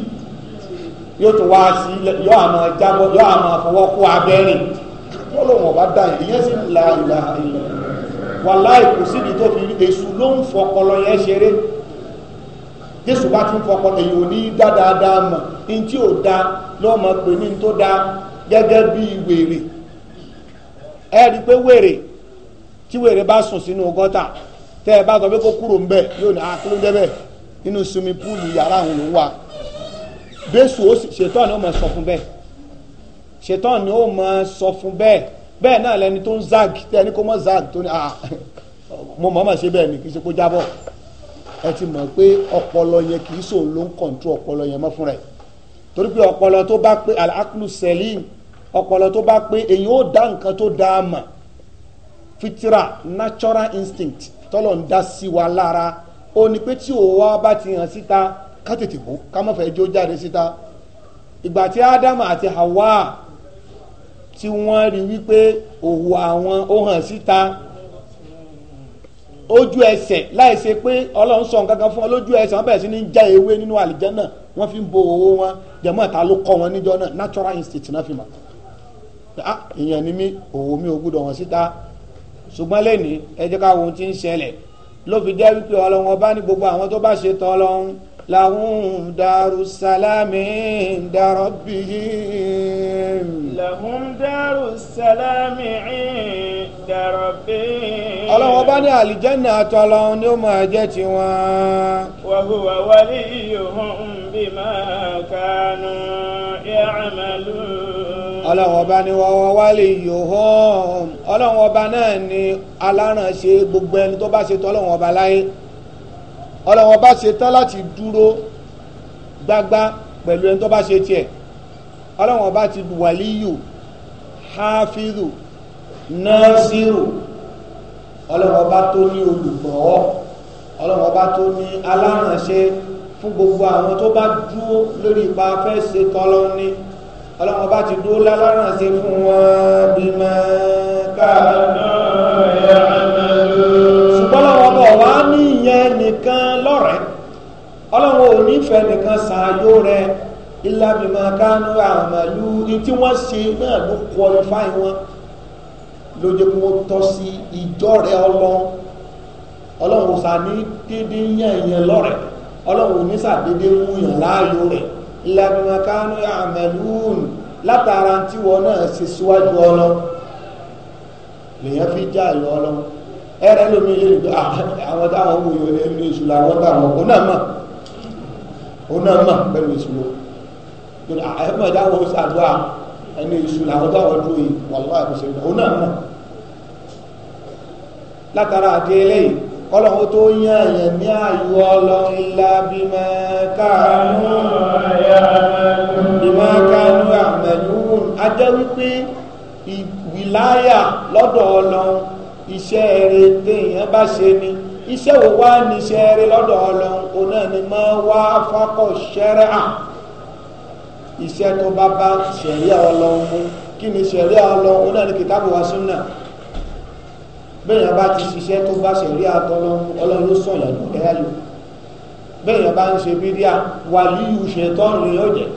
yóò tún wá sí yọ àmọ́ jábọ́ yọ àmọ́ fọwọ́ kó abẹ́rìn wọ́n lòun ọ̀bá dá ìyẹn sì ń la ìlà ilẹ̀ wàláì kò síbi tó fi rí èṣù ló ń fọpọlọ yẹn ṣeré jésù bá tún fọpọlọ yìí ò ní dá dáadáa mọ̀ ní tí ò da lọ́mọ pé ní tó da gẹ́gẹ́ bí wèrè ẹ rí i pé wèrè tí wèrè bá sùn sínú gọ́tà tẹ́ ẹ bá sọ pé kó kúrò ń bẹ̀ yóò ní akúrò ah, débẹ̀ nínú swimming pool yàrá àwọn òun bẹ́sù ni ó mọ̀ sọ fún bẹ́ẹ̀ ni ó sọ bẹ́ẹ̀ náà lẹni tó ń zag tẹ́ ẹni kó mọ́ zag tó ní a ah, mo mọ̀ ni kì í ṣe kó jábọ̀ ẹ ti mọ̀ pé ọpọlọ yẹn kì í ló ń kọ̀ǹtú ọpọlọ yẹn mọ́ fún rẹ̀ torí pé ọpọlọ tó bá pé ọpọlọ tó bá pé èyí ó dá nǹkan tó fitira natural instinct tọ́lọ̀ ń dá sí wa lára ó ní pé tí òun wá bá ti hàn síta ká tètè bò ká má fẹ́ jó jáde síta ìgbà tí ádámù àti hawa tí wọ́n rí wípé òwò àwọn ó hàn síta ojú ẹsẹ̀ láì ṣe pé ọlọ́run sọ nǹkan fún ọ lójú ẹsẹ̀ wọ́n bẹ̀rẹ̀ sí ní já ewé nínú àlìjẹ́nà wọ́n fi ń bo owó wọn jẹ̀mọ́ ta ló kọ́ wọn níjọ́ náà natural instinct náà fi mọ̀ ah ìyẹn ni mí òwò mi ò gbúdọ̀ wọn síta ṣùgbọ́n lẹ́ni ẹ jẹ́ ká wo ohun tí ń ṣẹlẹ̀ ló fi jẹ́ wípé ọlọ́run ọba ní gbogbo àwọn tó bá ṣe tán ọlọ́run lahum daru salami inda rabbihim. lahum daru salami inda rabbihim. ọlọ́run ọba ní àlìjẹ́nà àtọ́lọ́run ni ó máa jẹ́ tiwọn. wa huwa waliyuhum bima kanu ya'malun ọlọ́run ọba ni wọ́n wá lè yò ọlọ́run ọba náà ni alárànṣe gbogbo ẹni tó bá ṣe tán ọlọ́run ọba láyé ọlọ́run ọba ṣe tán láti dúró gbágbá pẹ̀lú ẹni tó bá ṣe tiẹ̀ ọlọ́run ọba ti wàlíyù hafiru nasiru ọlọ́run ọba tó ní olùgbọ́ ọlọ́run ọba tó ní alárànṣe fún gbogbo àwọn tó bá dúró lórí ipa fẹ́ ṣe tán lọ́wọ́ ní ọlọ́run bá ti dúró láláràn ṣe fún wọn bí máa ká ṣùgbọ́n lọ́wọ́ bọ̀ wá ní ìyẹn nìkan lọ́rẹ̀ẹ́ ọlọ́run ò nífẹ̀ẹ́ nìkan ṣàáyó rẹ ilá bí máa ká ní àmàlú ní tí wọ́n ṣe náà ló qualify wọn lójú kí wọ́n tọ́ sí ìjọ rẹ ọlọ́run ọlọ́run ò sà ní dédé yẹn yẹn lọ́rẹ̀ẹ́ ọlọ́run ò ní sàdédé mú yàn láàyò rẹ̀ lẹ́nu kánú àmẹ́lúùn látara tí wọn náà ṣe síwájú ọlọ lèyàn fi já ìlú ọlọ ẹrẹ lómi yé lùdú àwọn táwọn wò yóò lé lé ìṣúlá àwọn táwọn kò náà mà ó náà mà pẹ̀lú ìṣúlọ tó ní àyẹ̀mọ̀ táwọn ó ṣàdúrà ẹni ìṣúlá àwọn táwọn dúró yìí wàlúwà ìṣẹ̀lẹ̀ ó náà mà látara àti eléyìí kọ́lọ́hún tó yàn yàn ní ààyò ọlọ́run ilá bímọ káàánú bímọ káàánú àmẹ́lúhùn a jẹ́ wípé ìwìláyà lọ́dọ̀ ọlọ́run iṣẹ́ eré téèyàn bá ṣe ni iṣẹ́ wo wá ní iṣẹ́ eré lọ́dọ̀ ọlọ́run òun náà ni máa wá fákọ̀ ṣẹ́rẹ́ à iṣẹ́ tó bá bá ṣẹ̀ríà ọlọ́run mú kí ni ṣẹ̀ríà ọlọ́run òun náà ni kìtàbù wa súnà bẹ́ẹ̀ yẹn bá ti ṣiṣẹ́ tó bá ṣe rí àtọ́ ọlọ́run ló sàn yàtọ̀ ẹ̀yà lò bẹ́ẹ̀ yẹn bá ń ṣe bídíà wàlíyù ṣètọ́ rìn yóò jẹ́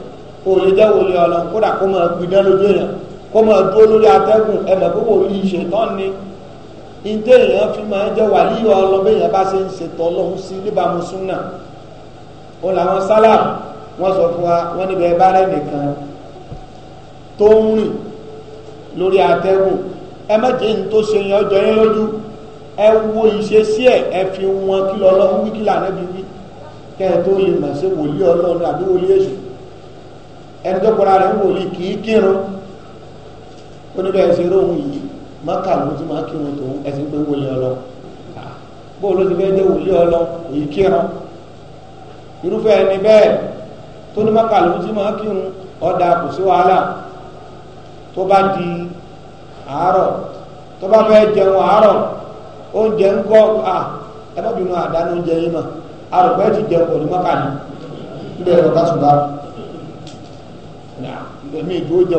o lè jẹ́ wòlé ọ̀nà kódà kó máa gbiná lójú èèyàn kó máa dúró lórí atẹ́gùn ẹ̀mọ̀ pé wòlíì ṣètọ́ ni ìdé èèyàn fi máa jẹ́ wàlíyù ọlọ́ bẹ́ẹ̀ yẹn ṣe ń ṣètọ́ ọlọ́run sí níbàámu ẹ má jẹ́ ní tó ṣe yẹn ọjọ́ yẹn lójú ẹ wo ìṣesí ẹ ẹ fi wọn kí lọ lọ́wọ́ wí kí lànà bí wí kẹ́ ẹ tó lè mọ̀ sí wòlíì ọlọ́run àbí wòlíì èṣù ẹni tó kọ́ra rẹ̀ ń wòlíì kì í kírun ó ní bẹ́ẹ̀ ṣe róhun yìí mọ́kà ló ti máa kírun tòun ẹ̀sìn pé wòlíì ọlọ́run bó ló ti fẹ́ dé wòlíì ọlọ́run èyí kírun irúfẹ́ ẹni bẹ́ẹ̀ tó ní mọ́kà ló ti máa kírun ọ̀dà kò sí wàhálà tó bá di àárọ̀ tó bá fẹ́ jẹun àárọ̀ oúnjẹ ń kọ́ à ẹ bá bínú àdánù oúnjẹ yín mà àrò pé ti jẹun pọ̀ ní mọ́kà ni níbẹ̀ ẹ̀rọ bá sùn bá mi ìdúró jẹ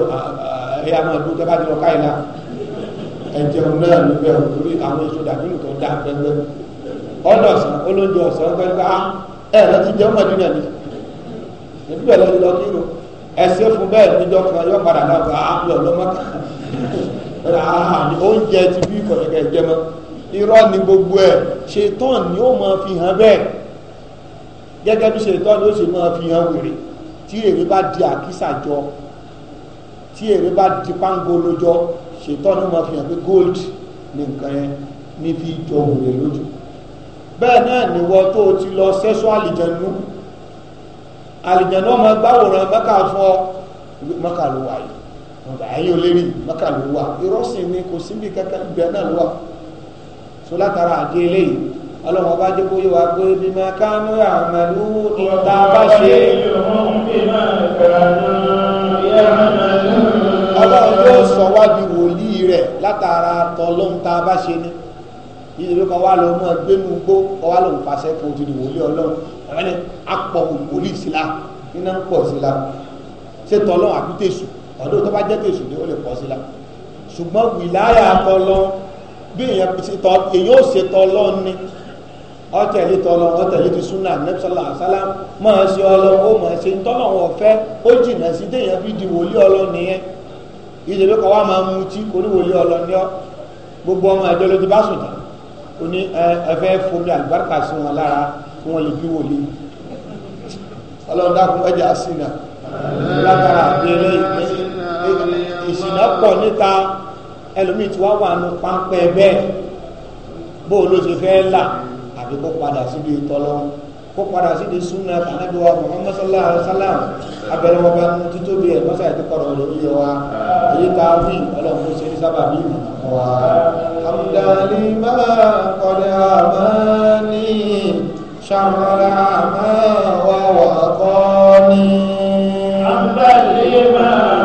ẹ̀yà máa dúró tẹ́bá ti lọ káyìí náà ẹ̀jẹun náà níbẹ̀ orí àwọn èso dàbí nìkan dá pẹ́pẹ́ ọ̀dọ̀ ọ̀sán olóúnjẹ ọ̀sán pẹ́pẹ́ ẹ̀rọ ti jẹun mọ̀dúnrún ni ìbílẹ̀ lọ́dún lọ́dún ẹ̀sẹ̀ fún bẹ́ẹ̀ níjọ́ kan yọ padà náà bá a oúnjẹ ti bí kọ̀ọ̀kẹ́ jẹ mọ́ irọ́ ni gbogbo ẹ̀ ṣetán ni ó máa fi hàn bẹ́ẹ̀ gẹ́gẹ́ bí ṣetán ni ó sì máa fi hàn wèrè tí èrè bá di àkísà jọ tí èrè bá di pangolo jọ ṣetán ni ó máa fi hàn pé gold ni nǹkan yẹn ní fi jọ wèrè lójú bẹ́ẹ̀ náà ni wọ́n tó o ti lọ sẹ́sọ́ àlìjẹ̀nu àlìjẹ̀nu ọmọ gbáwòrán mẹ́ka fún ọ mẹ́ka ló wáyé ayé ò lérí mọ́kà ló wà ìrọ́sìn ni kò síbi kankan ìgbà náà ló wà so látara àdé eléyìí ọlọ́run ọba dé kóyè wá pé bí máa kánú àmàlú ní ọ̀tá bá ṣe. ọlọ́run yóò sọ wá di wòlíì rẹ̀ látara tọ́lọ́run tá a bá ṣe ni ìdílé kan wá lọ mọ́ gbénu gbó kọ́ wá lòun fàṣẹ kó ti di wòlíì ọlọ́run àwọn ẹni apọ̀ wòlíì sí la iná ń pọ̀ sí la ṣé tọ́lọ́run àbí tèṣù ọdún tó bá jẹ́ tèṣù ni ó lè pọ̀ sí la ṣùgbọ́n wìláyà tọlọ bí èèyàn tọ èèyàn ò ṣe tọlọ ni ọtẹlẹ tọlọ ọtẹlẹ ti súnà nẹbísọlá àṣálá máa ṣe ọlọ ó máa ṣe ń tọ́lọ̀ wọn fẹ́ ó jìnà sí téèyàn fi di wòlíì ọlọ nìyẹn ìṣèlú kan wá máa mutí oníwòlíì ọlọ ní ọ gbogbo ọmọ ẹjọ ló ti bá sùn tán ó ní ẹfẹ fomi àlùbáríkà sí wọn lára kí wọn lè bí wòlíì ọlọ́run ẹ̀jẹ̀ àṣìnà látara àti eléyìí ìṣìnà pọ̀ níta ẹlòmíì tí wá wà nù páńpẹ́ bẹ́ẹ̀ bó o ló ṣe fẹ́ là àbí kó padà síbi ìtọ́lọ́ kó padà síbi súnà tànàbí wa Muhammad sallallahu alaihi wasallam abẹ́rẹ́ wọn bá ń títóbi ẹ̀ mọ́sá ètò kọ̀rọ̀ ọ̀rọ̀ yìí wa èyí tá wí ọlọ́run tó ṣe ní sábà bí ìmọ̀ wa. hamdani máa kọ́lé àmàní sàmàlà àmà wà wà kọ́ ni. hamdani máa.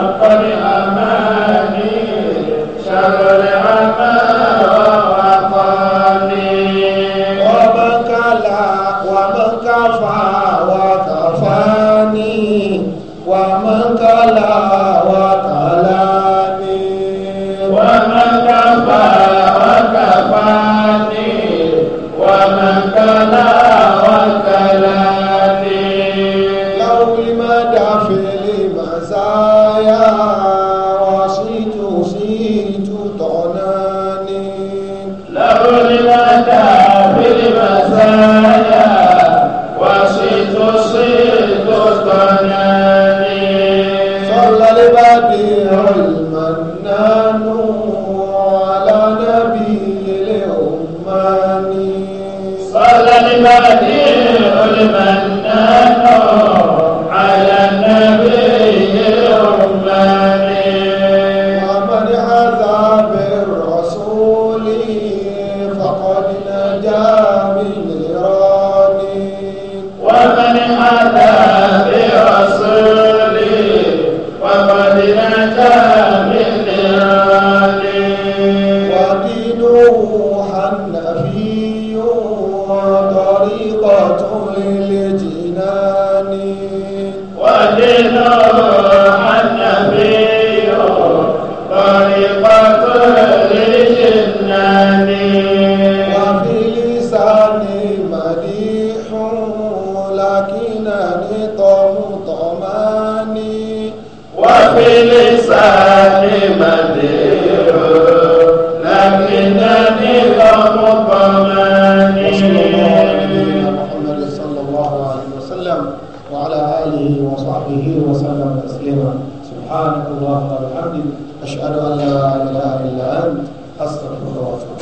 وصحبه وسلم تسليما سبحانك اللهم وبحمدك أشهد أن لا إله إلا أنت أستغفرك وأتوب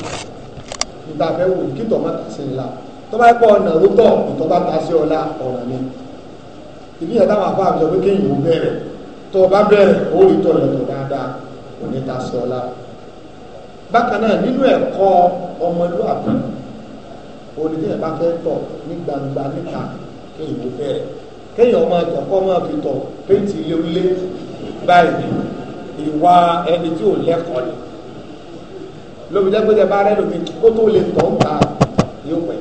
ìgbà fẹ́ wò kí tọ́ má tasẹ̀ ńlá tó bá pọ̀ ọ̀nà ló tọ̀ ìtọ́ bá tasẹ̀ ọ̀la ọ̀nà ni ìbí yẹn táwọn afọ àbíjọ pé kéèyàn ó bẹ̀rẹ̀ tó o bá bẹ̀rẹ̀ ó rí tọ̀ lọ́tọ̀ dáadáa kò ní tasẹ̀ ọ̀la bákan náà nínú ẹ̀kọ́ ọmọlúwàbí onídìrí bá fẹ́ tọ̀ ní gbangba níta kéèyàn ó bẹ̀rẹ̀ kéèyàn máa tọ̀ kọ́ máa fi tọ̀ péǹtì ilé onílé báyìí ìwà ẹni tí ò lẹ́kọ̀ọ́ ni lóbi jẹ́ pé tẹ bá rẹ́ lómi kó tó lè tọ̀ ń ta yóò pẹ́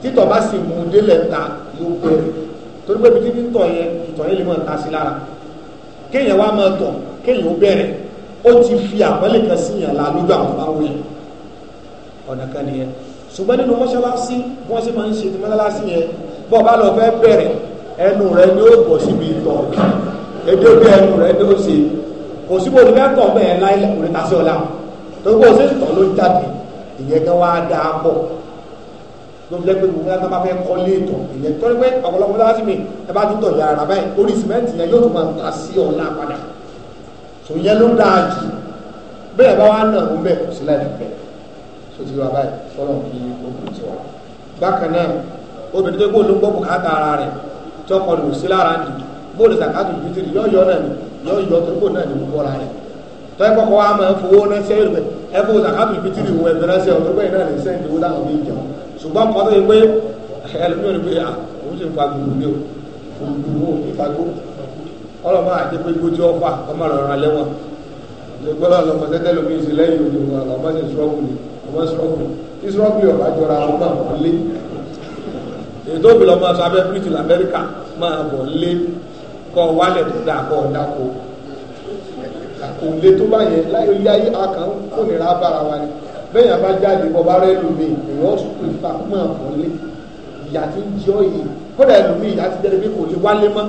títọ̀ bá sì mú un délẹ̀ ta yóò pẹ́ torí pé ibi títọ̀ yẹn ìtọ̀ yẹn lè máa ta sí lára kéèyàn wá máa tọ̀ kéèyàn ó bẹ̀rẹ̀ ó ti fi àpọ́nlé kan sí yàn lálójú àwọn báwo yẹn ọ̀nà kan nìyẹn ṣùgbọ́n nínú mọ́ṣáláṣí bí wọ́n ṣe máa ń ṣe ti mọ́ṣáláṣí yẹn bọ́ọ̀ bá lọ fẹ́ bẹ̀rẹ̀ ẹnu rẹ ni ó bọ̀ síbi ìtọ̀ èdè bí ẹnu rẹ ni ó ṣe kò síbò ní mẹ́tọ̀ bẹ́ẹ̀ láì lẹ́kùnrin tàṣẹ ọ̀la tó kó o ṣe ìtọ̀ ló jáde ìyẹn gan wá dáa pọ̀ ló fi lẹ́gbẹ̀ẹ́ gbogbo ẹgbẹ́ bá fẹ́ kọ́ lé ìtọ̀ ìyẹn tó ní pé ọ̀pọ̀lọpọ̀ láti mi ẹ bá tún tọ̀ yàrá rà báyìí orí sìmẹ́ǹtì yẹn yóò tún máa ta sí ọ̀la padà sò yẹn ló dáa jù bẹ́ẹ̀ bá wà náà ń bẹ̀ kò sí láì lẹ́gbẹ̀ẹ́ sò ti wà báyìí fọlọ́n kí ó kù tiwa bákan náà obìnrin tó gbó ló ń tí ọkọ rẹ̀ ò sí lára nì bóòlù zakatu fitiri yọ yọ náà ni yọ yọ torí bóòlù náà ni gbogbo ara rẹ̀ tọ́ ẹ kọ́kọ́ wa máa fowó náà sẹ́yìn rẹ̀ ẹ fowó zakatu fitiri wọ ẹgbẹ́ náà sẹ́yìn rẹ̀ náà lè sẹ́yìn tó dáhùn bí ìjọ ṣùgbọ́n kọ́ ni pé à òun ti fa gbogbo ní o gbogbo òun ti fa gbogbo ọlọ́mọ àti pé gbójú ọ̀fà ọmọ rẹ̀ rà lẹ́wọ̀n ìgbọ́lá lọ́mọ tẹ́tẹ́ lómi ìsìn lẹ́yìn òde wọn ọmọ sì sọ́ọ̀bù ni ọmọ sọ́ọ̀bù ní sọ́ọ̀bù yọ̀ọ̀ bá jọra ọmọ àwọn lé èyí tó bìlọ máa sọ abẹ́ britain amẹ́ríkà máa bọ̀ lé kọ́ wálẹ̀ tó dáa kọ́ dáko kò lé tó bá yẹn láyé ilé ayé akàn kò ní ra bára wa ni bẹ́ẹ̀ yẹn bá jáde bọ́ bá rẹ́ lómi èèyàn sùn fà máa bọ̀ lé ìyá ti ń jẹ́ òye kódà ẹlòmí ìyá ti jẹ́ pé kò lè wálé mọ́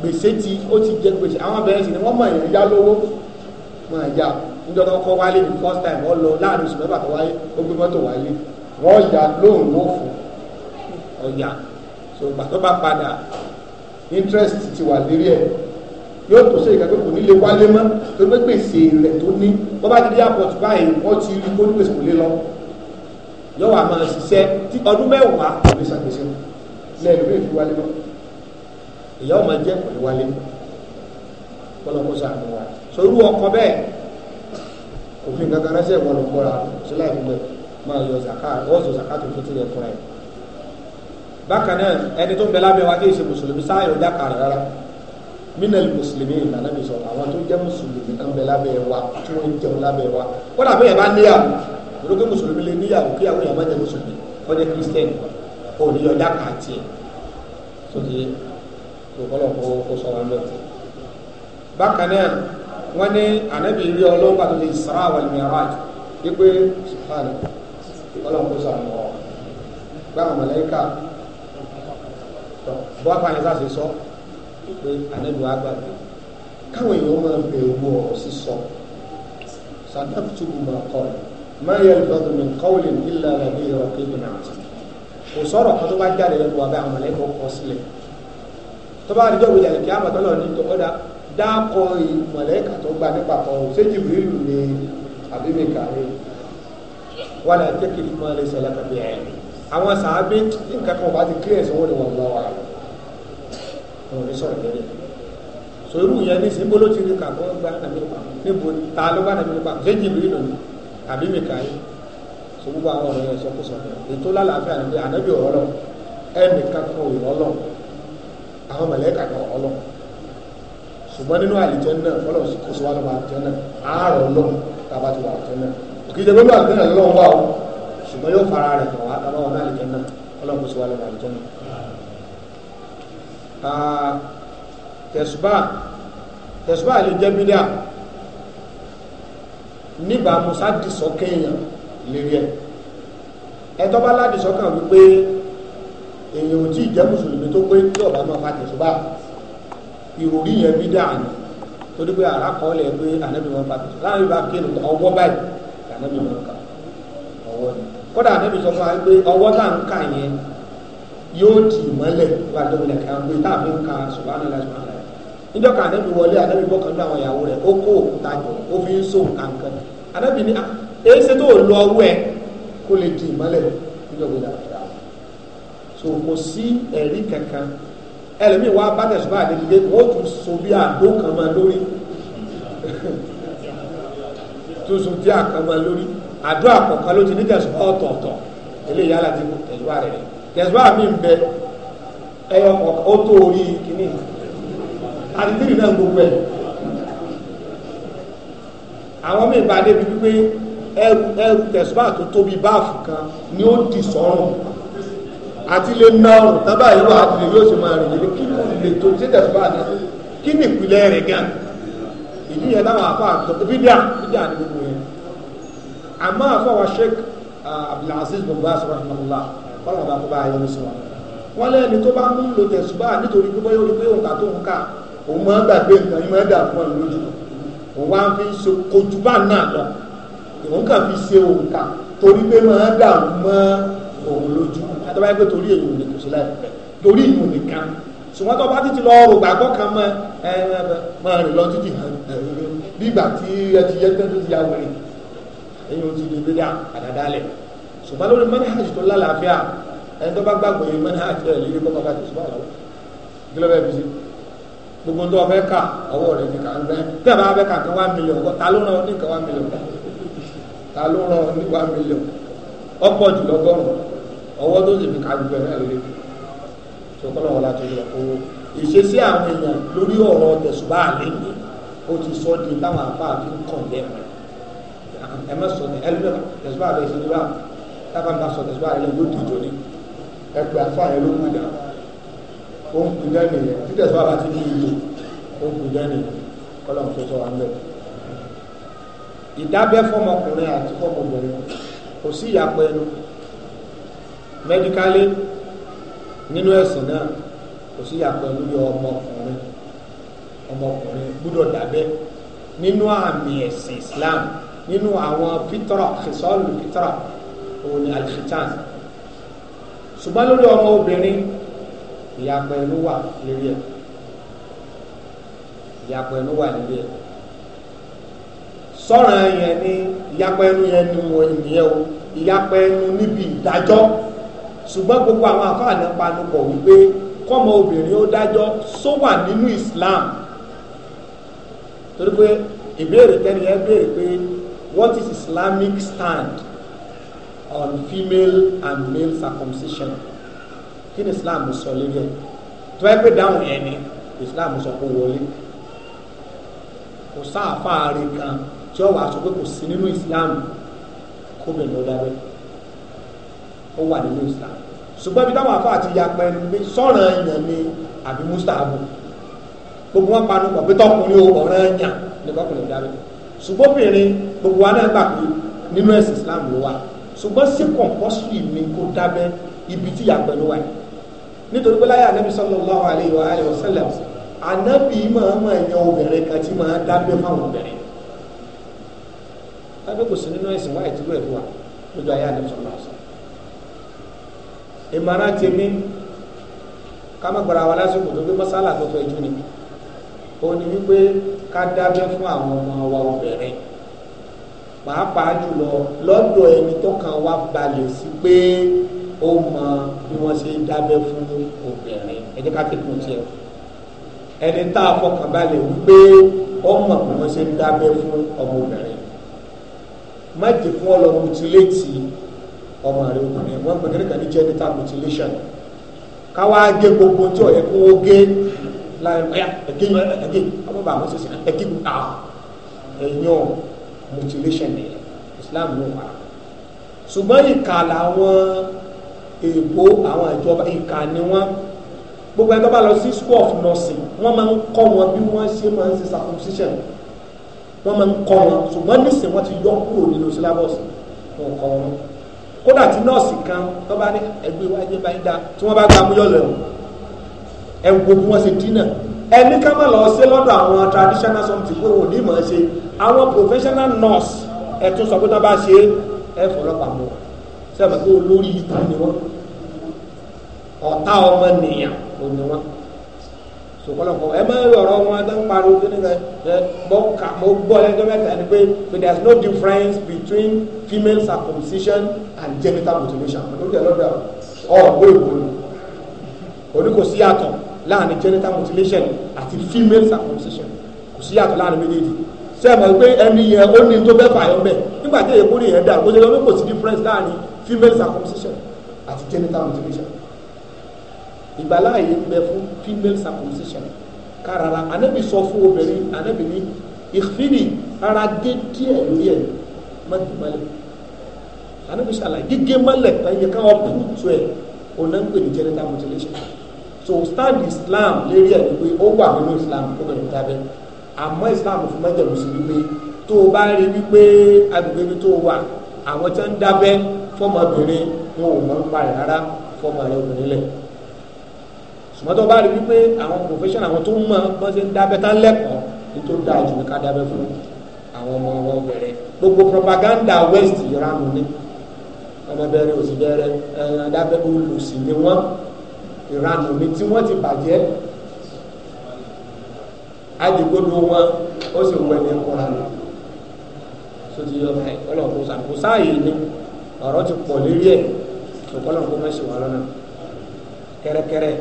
gbèsè ti ó ti jẹ gbèsè àwọn abẹ́rẹ́ sì ni wọ́n mọ̀ èèyàn yá lówó máa yá níjọ́ tó kọ́ wálé ní first time ọ lọ láàrin oṣù mẹ́fà tó wáyé ó gbé mọ́tò wálé wọ́n yà lóhùn lófùn ọjà so gbà tó bá padà interest ti wà lérí ẹ̀ yóò tó sẹ́yìn kàgbé kò wálé mọ́ tó gbé gbèsè rẹ̀ tó ní wọ́n bá ti dé airport báyìí wọ́n ti rí kó gbèsè kò lé lọ yóò wà ṣiṣẹ́ tí ọdún mẹ́wàá kò lè ṣàgbèsè lẹ́nu lè fi wálé mọ́ ìyá ọmọ jẹ́ kò lè wálé kọ́lọ́kọ́ sàánú wa sorú ọkọ bẹ́ẹ̀ òfin kankan rẹ́sẹ̀ wọ́n lọ kọ́ra sílẹ̀ ìgbẹ́ máa yọ zaka wọ́n sọ zaka tó tó tó fún ẹ̀ bákan náà ẹni tó ń bẹ lábẹ́ wa tí ì ṣe mùsùlùmí sáyọ̀ dáka rẹ̀ rárá minal mùsùlùmí ìlànà mi sọ àwọn tó jẹ́ mùsùlùmí kan bẹ lábẹ́ wa tí wọ́n ń jẹun lábẹ́ wa kódà bẹ́ẹ̀ bá níyàwó olókè mùsùlùmí lè níyàwó kí àwọn èèyàn má jẹ mùsùlùmí kọ́jẹ́ kírísítẹ́nì kò ní yọ dáka tiẹ̀ sókè tó kọ́ lọ́kọ́ kó sọ wọn lọ́tẹ̀. bákan náà wọ́n ní ànábì rí ọlọ́run pàtó lè Isra wal Miraj wípé sùpàdé tọ bọ́ apá yẹn sáà sọ pé ànábì wa gbàgbé káwọn èèyàn máa ń bẹ̀rù ọ̀rọ̀ sísọ sàdáfùtùbù máa kọ́ ẹ̀ máa yẹ lọ́dọ̀ mi kọ́wìlì nílà nàbí ìrọ̀ kébì náà ti kò sọ̀rọ̀ kan tó bá jáde lẹ́nu wa àwọn mọ̀lẹ́kọ̀ kọ́ sílẹ̀ tó bá àdìjọ́ wòye àlèkè àmọ̀tọ́lọ́ ní tọ́kọ́dá dákọ̀ mọ̀lẹ́kà tó gba nípa kan ṣé jìbìrìlù ni àbí mi kàrí wàlá jẹ́ kí fún wa àwọn sàábé nǹkan kan bá ti clear sí wọn ni wọn mọ wa wọn ní sọ̀rọ̀ lórí sòrú yẹn ní sí bóló ti rí kàkọ́ gba nàbí nípa níbo ta ló bá nàbí nípa kéjì lórí lòmí àbí mìkàyí so gbogbo àwọn ọ̀rọ̀ yẹn sọkúsọ ètò lálàáfíà níbi ànábì ọ̀rọ̀ ẹnì kankan ò rọ́lọ̀ àwọn mọ̀lẹ́kà kan ọ̀rọ̀ ṣùgbọ́n nínú àlìjẹ́ náà fọlọ́ kò sọ wà lọ́wọ́ àlìjẹ́ náà àárọ̀ lọ́wọ́ ṣùgbọ́n yóò fara rẹ̀ tọ̀ wá lọ́wọ́ ọ̀nà àlùjọ náà ọlọ́run sì wà lọ́wọ́ àlùjọ náà. tẹ̀sùbà tẹ̀sùbà lè jẹ́ bídà nígbà musa dìsọ́ kéèyàn lérí ẹ̀ ẹ̀tọ́ bá ládìsọ́kàn wípé èèyàn ò tí ì jẹ́ mùsùlùmí tó pé tí ọ̀bá máa fa tẹ̀sùbà ìròrí yẹn bídà ni torí pé àrà kọ́ lẹ̀ pé ànábì fa tẹ̀sùbà láàrin bá kí ọwọ́ báyìí ànábì wọn ọwọ́ ni kódà ànábì sọ fún wa pé ọwọ́ tá à ń kà yẹn yóò dì mọ́lẹ̀ wà tó wulẹ̀ kan pé tá a fi ń ka subahana ilá subahana ilá níjọ́ kan ànábì wọlé ànábì bọ́ kan ní àwọn ìyàwó rẹ̀ ó kó òkúta jọ ó fi ń so nǹkan kan ànábì ní ah, èyí ṣe tó lọ ọwọ́ ẹ kó lè dì mọ́lẹ̀ níjọ́ gbé dàgbà so kò sí ẹ̀rí kankan ẹlẹ́mi wa bá tẹ̀sùbá àdédédé wọ́n tún so bí àdó kan máa lórí tún so bí àkàn máa lórí àdúrà kọ̀ọ̀kan ló ti ní tẹ̀sùn ọ̀tọ̀ọ̀tọ̀ ilé ìyá láti tẹ̀sùbà rẹ̀ tẹ̀sùbà mi ń bẹ ẹyọ kọ̀ọ̀kan ó tó orí kìíní àdìdìrì náà gbogbo ẹ̀ àwọn míì bá débi wípé ẹrù tẹ̀sùbà tó tóbi báàfù kan ni ó dì sọ́rùn àti lè na ọrùn tábà yìí wà á ti lè yóò ṣe máa rìn yìí kí ló lè tó ṣé tẹ̀sùbà náà kí ni ìpìlẹ̀ rẹ̀ gan ìdí yẹn táwọn àfa àtọ́ àmọ́ àfọwọ́ sheik uh, abdulaziz bin baz rahmanullah wọn làwọn bá kó bá ayé ní sọ wọn lẹ́ni tó bá ń lo tẹ̀sùbá nítorí pé bóyá orí pé òǹkà tó ń kà òun máa ń gbàgbé nǹkan yìí máa ń dà fún ẹ̀ lójú òun wá fi ń so kojú bá náà lọ òun kàn fi ṣe òǹkà torí pé máa dà mọ́ òun lójú àtàwọn ẹgbẹ́ torí èyí ò kò sí láì pẹ́ torí ìyún nìkan ṣùgbọ́n tó bá ti ti lọ ọrùn gbàgbọ́ kan mọ́ ẹ máa rìn lọ títì bí ìgbà tí ẹ ti yẹ tẹ́tù ti ya wẹ̀rẹ̀ èyí ò ti di bídà àdádálẹ̀ ṣùgbọ́n lórí manhaj tó lálàáfíà ẹni tó bá gbàgbọ́ yìí manhaj rẹ̀ lè rí kọ́ bàbá tó ṣùgbọ́n àlọ́ o bẹ́ẹ̀ bí sí gbogbo tó ọfẹ́ kà ọwọ́ rẹ̀ ti kà ń gbẹ́ tí a bá fẹ́ kà kan wá mílíọ̀n ta ló ràn ní kan wá mílíọ̀n ta ló ràn ní wá mílíọ̀n ọ̀pọ̀ jùlọ gọ́rùn ọwọ́ tó sì fi kà gbogbo ẹ̀ náà lórí ṣùgbọ́n wọn láti lọ owó ìṣesí àwọn èèyàn lórí ọ̀rọ̀ tẹ̀sùbá àlẹ́ ni ó ti sọ di táwọn àbá àfi ń kàn lẹ́mọ̀ọ́ ẹ má sọ ní ẹlẹ́mìíràn tẹ̀síwá rẹ̀ ṣe níbà tábà máa sọ tẹ̀síwá rẹ̀ ló dìjọ ni ẹ pé àfa yẹn ló ń gbìdá ó ń gbìdá nìyẹn tí tẹ̀síwá bá ti ní iye ó ń gbìdá nìyẹn kọ́lọ́ tó sọ wà ń bẹ̀. ìdábẹ́ fọmọkùnrin àti fọmọbìnrin kò sí ìyàpọ̀ ẹnu mẹ́díkálì nínú ẹ̀sìn náà kò sí ìyàpọ̀ ẹnu yọ ọmọkùnrin ọmọkùnrin gbúdọ̀ dábẹ́ nínú àmì ẹ̀sìn Islam nínú àwọn pítọ́rà kìsọ́ọ̀lù pítọ́rà òun ni alifitan ṣùgbọ́n lórí ọmọ obìnrin ìyàpọ̀ ẹnu wà lórí ẹ̀ ìyàpọ̀ ẹnu wà lórí ẹ̀ sọ́ràn yẹn ni ìyàpọ̀ ẹnu yẹn ni mo ìyẹn o ìyàpọ̀ ẹnu níbi ìdájọ́ ṣùgbọ́n gbogbo àwọn àfáàní panupọ̀ wípé kọ́mọ obìnrin ó dájọ́ só wà nínú Islam torí pé ìbéèrè tẹ́ni béèrè pé what is Islamic stand on female and male circumcision kí ni Islam sọ lórí ẹ tó ẹ pé dáhùn yẹn ni Islam sọ kó wọlé kò sáàfáàrí kan tí ó wàá sọ pé kò sí nínú Islam kó bẹ̀rẹ̀ lọ dábẹ́ ó wà nínú Islam ṣùgbọ́n ibi táwọn afáà ti ya pẹ́ pé sọ̀rọ̀ ẹ̀yàn ni àbí mustahabu gbogbo wọn panu pọ̀ pé tọkùnrin ọ̀rọ̀ ẹ̀yàn ni kọkùnrin dábẹ́ ṣùgbọ́bìnrin gbogbo aná gbà pé nínú ẹ̀sìn Islam ló wà ṣùgbọ́n sí compulsory mi kó dábẹ́ ibi tí ìyàgbẹ́ ló wà yìí nítorí pé láyé ànábì sallallahu alaihi wa alihi wa sallam ànábì máa máa yan obìnrin kan tí máa dábẹ́ fáwọn obìnrin dábẹ́ kò sí nínú ẹ̀sìn wáyé tí ló ẹ̀fọ́ wa lójú ayé ànábì sallallahu alaihi wa sallam ìmọ̀ràn tèmi ká má gbọ́ra wa lásìkò tó gbé mọ́sálà òun ni wípé ká dábẹ́ fún àwọn ọmọ wa obìnrin pàápàá jùlọ lọ́dọ̀ ẹni tó kàn wá balẹ̀ sí pé ó mọ bí wọ́n ṣe dábẹ́ fún obìnrin ẹ jẹ́ ká kékeré tiẹ̀ ẹni tá a fọkàn balẹ̀ wípé ó mọ bí wọ́n ṣe dábẹ́ fún ọmọbìnrin má jẹ́ fún ọ lọ mutilate ọmọ rẹ obìnrin wọ́n gbẹ̀gẹ́rẹ́ kan ní genital mutilation káwá gé gbogbo tí ọ̀yẹ́ kó gé láyé ẹ̀yà ẹ̀gẹ́ yẹn ẹ̀gẹ́ àwọn bàbá sọ̀sẹ̀ ẹ̀gẹ́ gbogbo àwọn ẹ̀yàn motivation ni Islam ló wà. ṣùgbọ́n ìka làwọn èèbó àwọn ìjọba ìka ni wọ́n gbogbo ẹni tó bá lọ sí school of nursing wọ́n máa ń kọ́ wọn bí wọ́n ṣe máa ń ṣe circumcision wọ́n máa ń kọ́ wọn ṣùgbọ́n nísìnyí wọ́n ti yọ kúrò nínú syllabus wọn kọ́ wọn kódà tí nọ́ọ̀sì kan tó bá ní ẹgbẹ́ wájú bá ń dá tí wọ́n bá gbà mú yọ̀lẹ̀ wọn ẹ wo bí wọ́n ṣe dínà ẹni ká má lọ sí lọ́dọ̀ àwọn traditional something pé òní mọ̀ ṣe àwọn professional nurse ẹ tún sọ pé tó bá ṣe ẹ fọlọ́pàá mọ́ sẹ́mi pé olórí ikú ni wọ́n ọ̀tá ọmọ nìyàn òní wọ́n sokɔlɔkɔ ẹ máa yọ ọ̀rọ̀ wọn tó ń pariwo kí ni ka ẹ mọ ká mọ gbọ́ ẹ tó mẹ́ta ni pé pé there is no difference between female circumcision and genital mutilation ọdún tẹ lọ́dọ̀ ọ gbé ìwòlò oníkòsí yàtọ̀ láàrin genital mutilation àti female circumcision kò sí yàtọ̀ láàrin méjèèjì sẹ́ẹ̀mọ̀ pé ẹni yẹn ó ní tó bẹ́ẹ̀ fààyàn bẹ́ẹ̀ nígbà tí èyí kórè yẹn dà kó ṣe lọ pé kò sí difference láàrin female circumcision àti genital mutilation ìgbàláàyè ń bẹ fún female circumcision kárara anábì sọ fún obìnrin anábì ní ìfìlì ara gé díẹ̀ lórí ẹ̀ mọ́tìmọ́lẹ̀ anábì ṣàlàyé gígé mọ́lẹ̀ pẹ̀lú káwọn púùtù ẹ̀ ọ̀nà ń pè ní genital mutilation so stand islam lérí ẹ̀ wípé ó wà nínú islam ó bẹ̀rẹ̀ tábẹ́ àmọ́ islam fún mẹ́jẹ̀mú sí wípé tó o bá rí wípé agbègbè ibi tó o wà àwọn tí wọ́n ń dábẹ́ fọmọbìnrin ni o máa ń parí rárá fọmọ rẹ obìnrin lẹ̀ ṣùgbọ́n tó o bá rí wípé àwọn profession àwọn tó ń mọ bọ́n ṣe ń dábẹ́ tán lẹ́kọ̀ọ́ nítorí dáa jù ní ká dábẹ́ fún àwọn ọmọ wọn bẹ̀rẹ̀ gbogbo propaganda west yìí ránu ní ọmọ bẹ̀rẹ̀ òsì bẹ̀rẹ̀ ẹ̀ dábẹ́ olùsìn ni wọ́n ìranù ni tí wọ́n ti bàjẹ́ àdìgbòdo wọn ó sì wọ ẹni kóra nù sotí yọ ẹ ọlọ́run kò sáàyè ni ọ̀rọ̀ ti pọ̀ lérí ẹ̀ ṣùgbọ́n kó mẹ́sì wà lọ́nà kẹ́rẹ́kẹ́rẹ́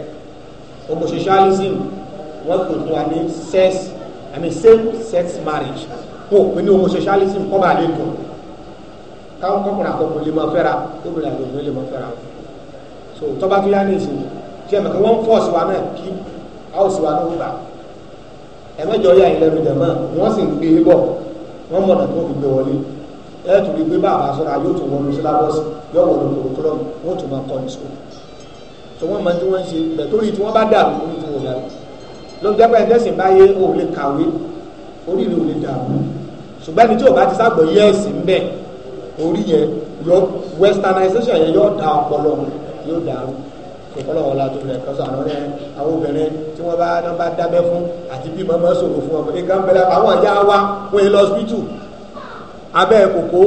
homosexualism wọ́n kò tó àmì sex àmì same sex marriage kó o pè ní homosexualism kọ́ bá a lè dùn káwọn kọkùnrin àkọ́kọ́ lè máa fẹ́ra kóbìnrin àgbègbè lè máa fẹ́ra so tọ́ba tó yá ní ìsìn tí ẹ̀mẹ̀kẹ́ wọ́n fọ́ síwa náà kí a ó síwa náà gbà ẹ̀mẹ́jọ yà ilẹ̀ rẹ̀ jẹ̀mọ́ wọ́n sì ń tó e fi gbé wọlé ẹ̀ tó rí pé bàbá sọ́ra yóò tún wọnú sílábọ́sì yóò wọnú kòrókòrò wọ́n tún máa kọ́ ní sùkúl tó wọ́n máa tí wọ́n ń ṣe bẹ̀ torí tí wọ́n bá dàrú orí tí wọ́n dàrú ló ń dẹ́pẹ́ ẹ̀dẹ́sìn báyé o lè kàwé orí rẹ̀ ò lè tí ò bá ti ságbọ̀ yẹ ẹ̀sìn bẹ́ẹ̀ orí yẹn yọ westernization yẹn yọ da ọpọlọ yóò dàrú ọlọ́wọ́n la tó rẹ̀ kọ́sọ́ àwọn rẹ̀ àwọn obìnrin tí wọ́n bá náà bá dábẹ́ fún àti bí màmá sọ̀rọ̀ fún ọmọ ẹ̀ka ń bẹ̀rẹ̀ àwọn ìyá wa wọ́n lọ síbítù abẹ́ kòkó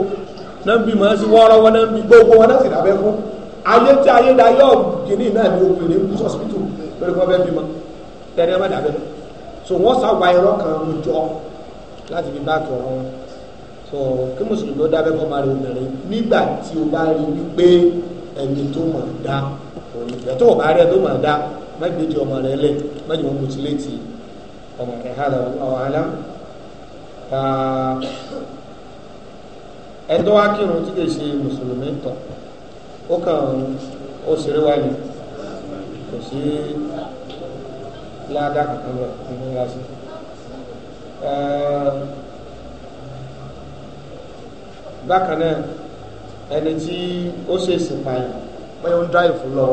náà bí màá sí wọ́ọ́rọ́ wọn náà bí gbogbo wọn náà sì dábẹ́ fún ayé tí ayé da yọ kìnnì náà ní obìnrin kú sọ̀sibítù lórí wọn bẹ́ẹ̀ bímọ tẹ́lẹ̀ má dábẹ́ so wọ́n sá wa irọ́ kan jọ láti fi bá tọ̀ wọn so kí mùsùlùmí ó dábẹ́ fọ́ máa rí obìnrin nígbà tí o bá rí wípé ẹni tó mọ̀ ìgbàtọ̀ ọ̀bá rẹ̀ ló máa dá mẹ́gbẹ̀ẹ́dì ọmọ rẹ̀ lẹ̀ mẹ́jọ wọn mutí létí ọmọ rẹ̀ hàdà ọ̀hánà ẹ̀dọ́ akírun tí kìí ṣe mùsùlùmí tọ̀ ó kàn ó ṣeré wáyé kò sí ládà kankan lọ nínú lásì bákan náà ẹni tí ó ṣe ìsìnkú àyàn wọ́n yóò ń dá ìfún lọ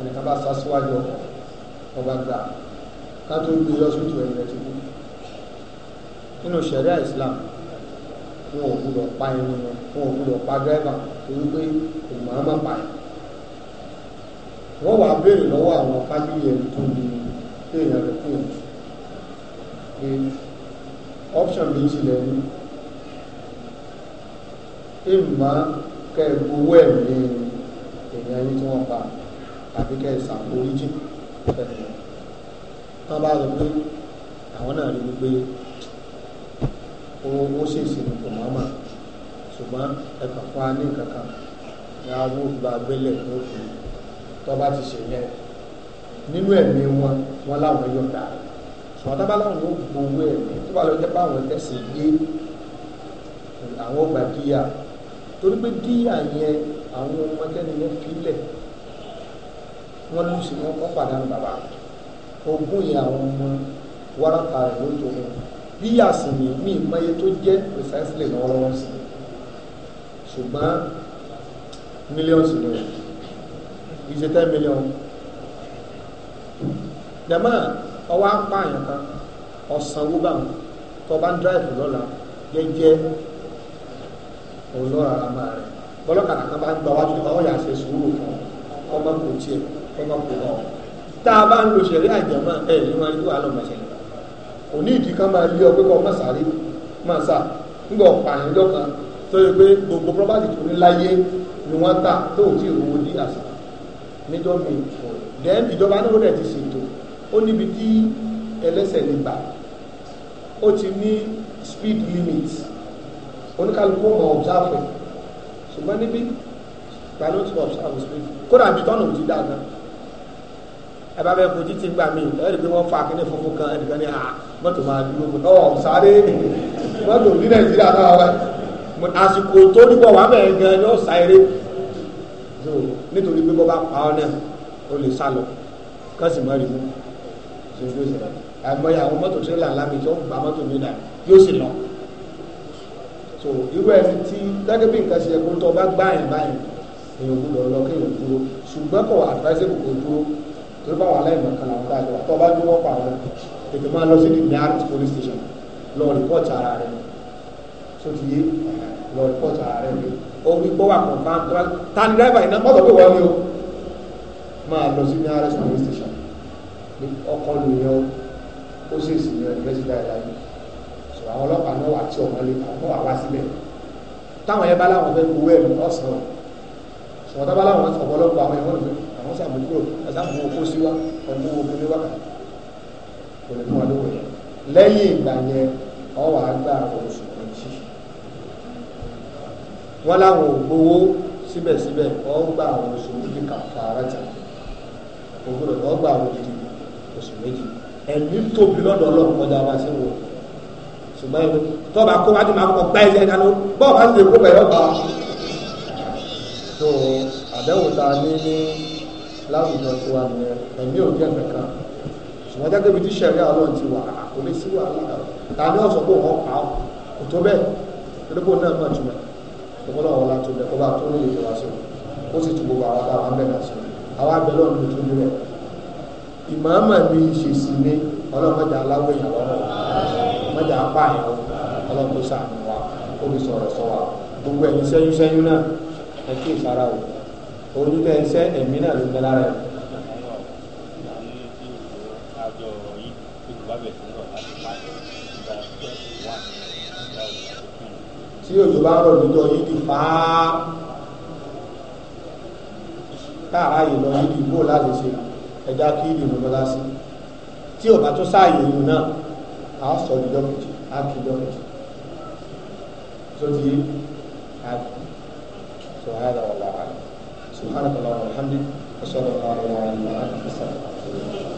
ẹnìkan bá sá síwájú ọkọ̀ ọba gbà ká tó gbé lọ́sùtù ẹ̀yìn rẹ̀ ti kú nínú sẹ̀ríà Islam wọn ò gbúdọ̀ pa irun wọn wọn ò gbúdọ̀ pa dẹ́rẹ́bà torí pé kò máa má pa ẹ̀ wọ́n wàá béèrè lọ́wọ́ àwọn fámìlì ẹni tó ní èèyàn rẹ̀ fún ẹ̀ option méjì lẹ́nu ìmọ̀ kẹ́ẹ̀gbowó ẹ̀mí èèyàn yìí tí wọ́n pa á tàbí kẹ́ ẹ ṣàforíjì fẹ́ẹ́ lọ wọ́n bá rí pé àwọn náà rí pé ó ṣèṣì kò mọ́mà ṣùgbọ́n ẹ kàn fún wa ní kankan ní awó gba gbélé lófin tó bá ti ṣe yẹn nínú ẹ̀mí wọn wọn láwọn yọ̀ǹda ṣùgbọ́n tó bá láwọn yóò gbowó ẹ̀mí tó bá lọ jẹ́ pé àwọn tẹ̀sí yé àwọn gba díyà torí pé díyà yẹn àwọn ọmọ kẹ́ni yẹn fi lẹ̀ wọ́n lù sí wọn kọ́ pàdánù bàbá ogún yẹn àwọn ọmọ wárápá rẹ̀ ló tó wọn bí yàsìmí mi mọye tó jẹ́ precisely lọ́wọ́lọ́wọ́ sí ṣùgbọ́n millions ni o is a ten million jama ọwọ́ apá àyàn kan ọ̀sán owó bá wọn tó bá ń drive lọ́la jẹ́jẹ́ òun lọ́ra ara máa rẹ̀ bọ́lọ́kàtà kan bá ń gba wájú ọ̀yà ṣe sùúrù fún ọmọ kò tiẹ̀ kọ́nà kó náà tá a bá ń lo ṣẹ̀rí àjàmọ́ ẹ̀ ní wọn yóò wá lọ mọ̀ ṣẹlẹ̀ òní ìdí kan máa lé ọ pé kọ́ má sáré má sá ńgbà ọ̀pààyàn ọjọ́ kan tó yẹ pé gbogbo property tó ní láyé ni wọ́n tà tó ò tí ì rówó ní àṣà níjọ́ mi then ìjọba náà ó dẹ̀ ti ṣètò ó níbi tí ẹlẹ́sẹ̀ lè gbà ó ti ní speed limit oníkálukú ọmọ observe ṣùgbọ́n níbi ta ló ti observe speed kódà bí tọ́nà ò ti dáa gan ẹ bá bẹ fojú ti gbà mí ẹ rí i pé wọ́n fa akíní funfun kan ẹnìkan ní ah, mọ́tò máa dúró mọ́ ọ sáré mọ́tò ní nàìjíríà náà wá àsìkò tó níbọ̀ wà bẹ́ẹ̀ gan yóò sá eré nítorí pé bọ́ bá pa ọ́ náà ó lè sá lọ kásì mọ́ rí mú ṣojú ìṣẹ̀lẹ̀ àmọ́ àwọn mọ́tò tírélà lámì tí ó gba mọ́tò mi dà yóò sì lọ so irú ẹni tí gẹ́gẹ́ bí nǹkan ṣe ẹ̀kọ́ tó bá gbá ẹ̀ báyìí èèyàn gbúdọ̀ lọ kéèyàn dúró ṣùgbọ́n kò advisable kò dúró tó bá wà láìmọ̀ kan làwọn dáadọ́ àtọ́ bá dúró pa àwọn ètò máa lọ sí the nearest police station lọ rìpọ́ọ̀tì ara rẹ̀ tó ti yé lọ rìpọ́ọ̀tì ara rẹ̀ rẹ̀ ó wí pé wà kàn bá ń tọ́ ta driver iná mọ́tò pé wọ́n ní o máa lọ sí nearest police station ní ọkọ lóyún ó sì sì ní ẹgbẹ́ sí dáadáa yìí sọ àwọn ọlọ́pàá náà wà tí ọmọ lè àwọn wà wá síbẹ̀ táwọn yẹn bá láwọn fẹ́ gbowó ẹ̀mí ọ̀sán sọ̀tàbá láwọn ọ̀pọ̀lọpọ̀ àwọn ẹ̀wọ̀n ìfẹ́ àwọn sàmúlò àsàmù oko sí wa ọmọ oko ní wákà kò lè fún wa lówó yẹn lẹ́yìn ìgbà yẹn ọ wà á gbà oṣù méjì wọn láwọn ò gbowó síbẹ̀síbẹ̀ ọ gbà àwọn oṣù méjì kà fara jà òwúrọ̀ ọ gbà àwọn oṣù oṣù méjì ẹ̀mí tóbi lọ́dọ̀ ọlọ́run kọjá wa sí wo ṣùgbọ́n ẹ̀mí tọ́ba kó wájú máa kọ́ gbá ẹ̀jẹ̀ ìdáná bọ́ọ̀ bá ti lè kó pẹ̀lú ọba tó àbẹ̀wò ta ní ní láwùjọ tó wà nìyẹn ẹ̀mí ò jẹ́ kankan ṣùgbọ́n gẹ́gẹ́ bí tíṣẹ̀rí àwọn ti wà kò lè sí wàhálà ta ni ọ̀sán kó wọ́n pa kò tó bẹ́ẹ̀ lóko náà mọ̀ jùlọ ọgbọ́n àwọn látò lẹ́kọ́ bá tó lè wá sí ó sì tún gbogbo àwọn àwọn abẹ́ náà sí àwọn abẹ́ lọ́nà ló tún nílẹ̀ ìmọ̀ọ́mọ̀ mi ṣe sí ní ọlọ́mọdé aláwọ̀ ìyàwó ọmọdé apá ìyàwó ọlọ́mọdé sàmì wa ó fi sọ̀rọ̀ sọ wa gbogbo ẹ̀mí sẹ́yún sẹ́yún náà ẹ kí orí bẹ́ẹ̀ iṣẹ́ ẹ̀mí náà ló bẹ lára ẹ̀. tí òjò bá ń rọ̀ lójó yìí di fàá káàrá yìí lọ yìí di bó láti ṣe ẹja kí ìdì ló lọ́lá sí tí ò bá tún sáàyè ìlú náà a sọ ìjọ kejì a kì í jọ kejì tó di àdùn sọ ayélujára. سبحانك اللهم وبحمدك أشهد أن لا إله إلا أنت أستغفرك واتوب اليك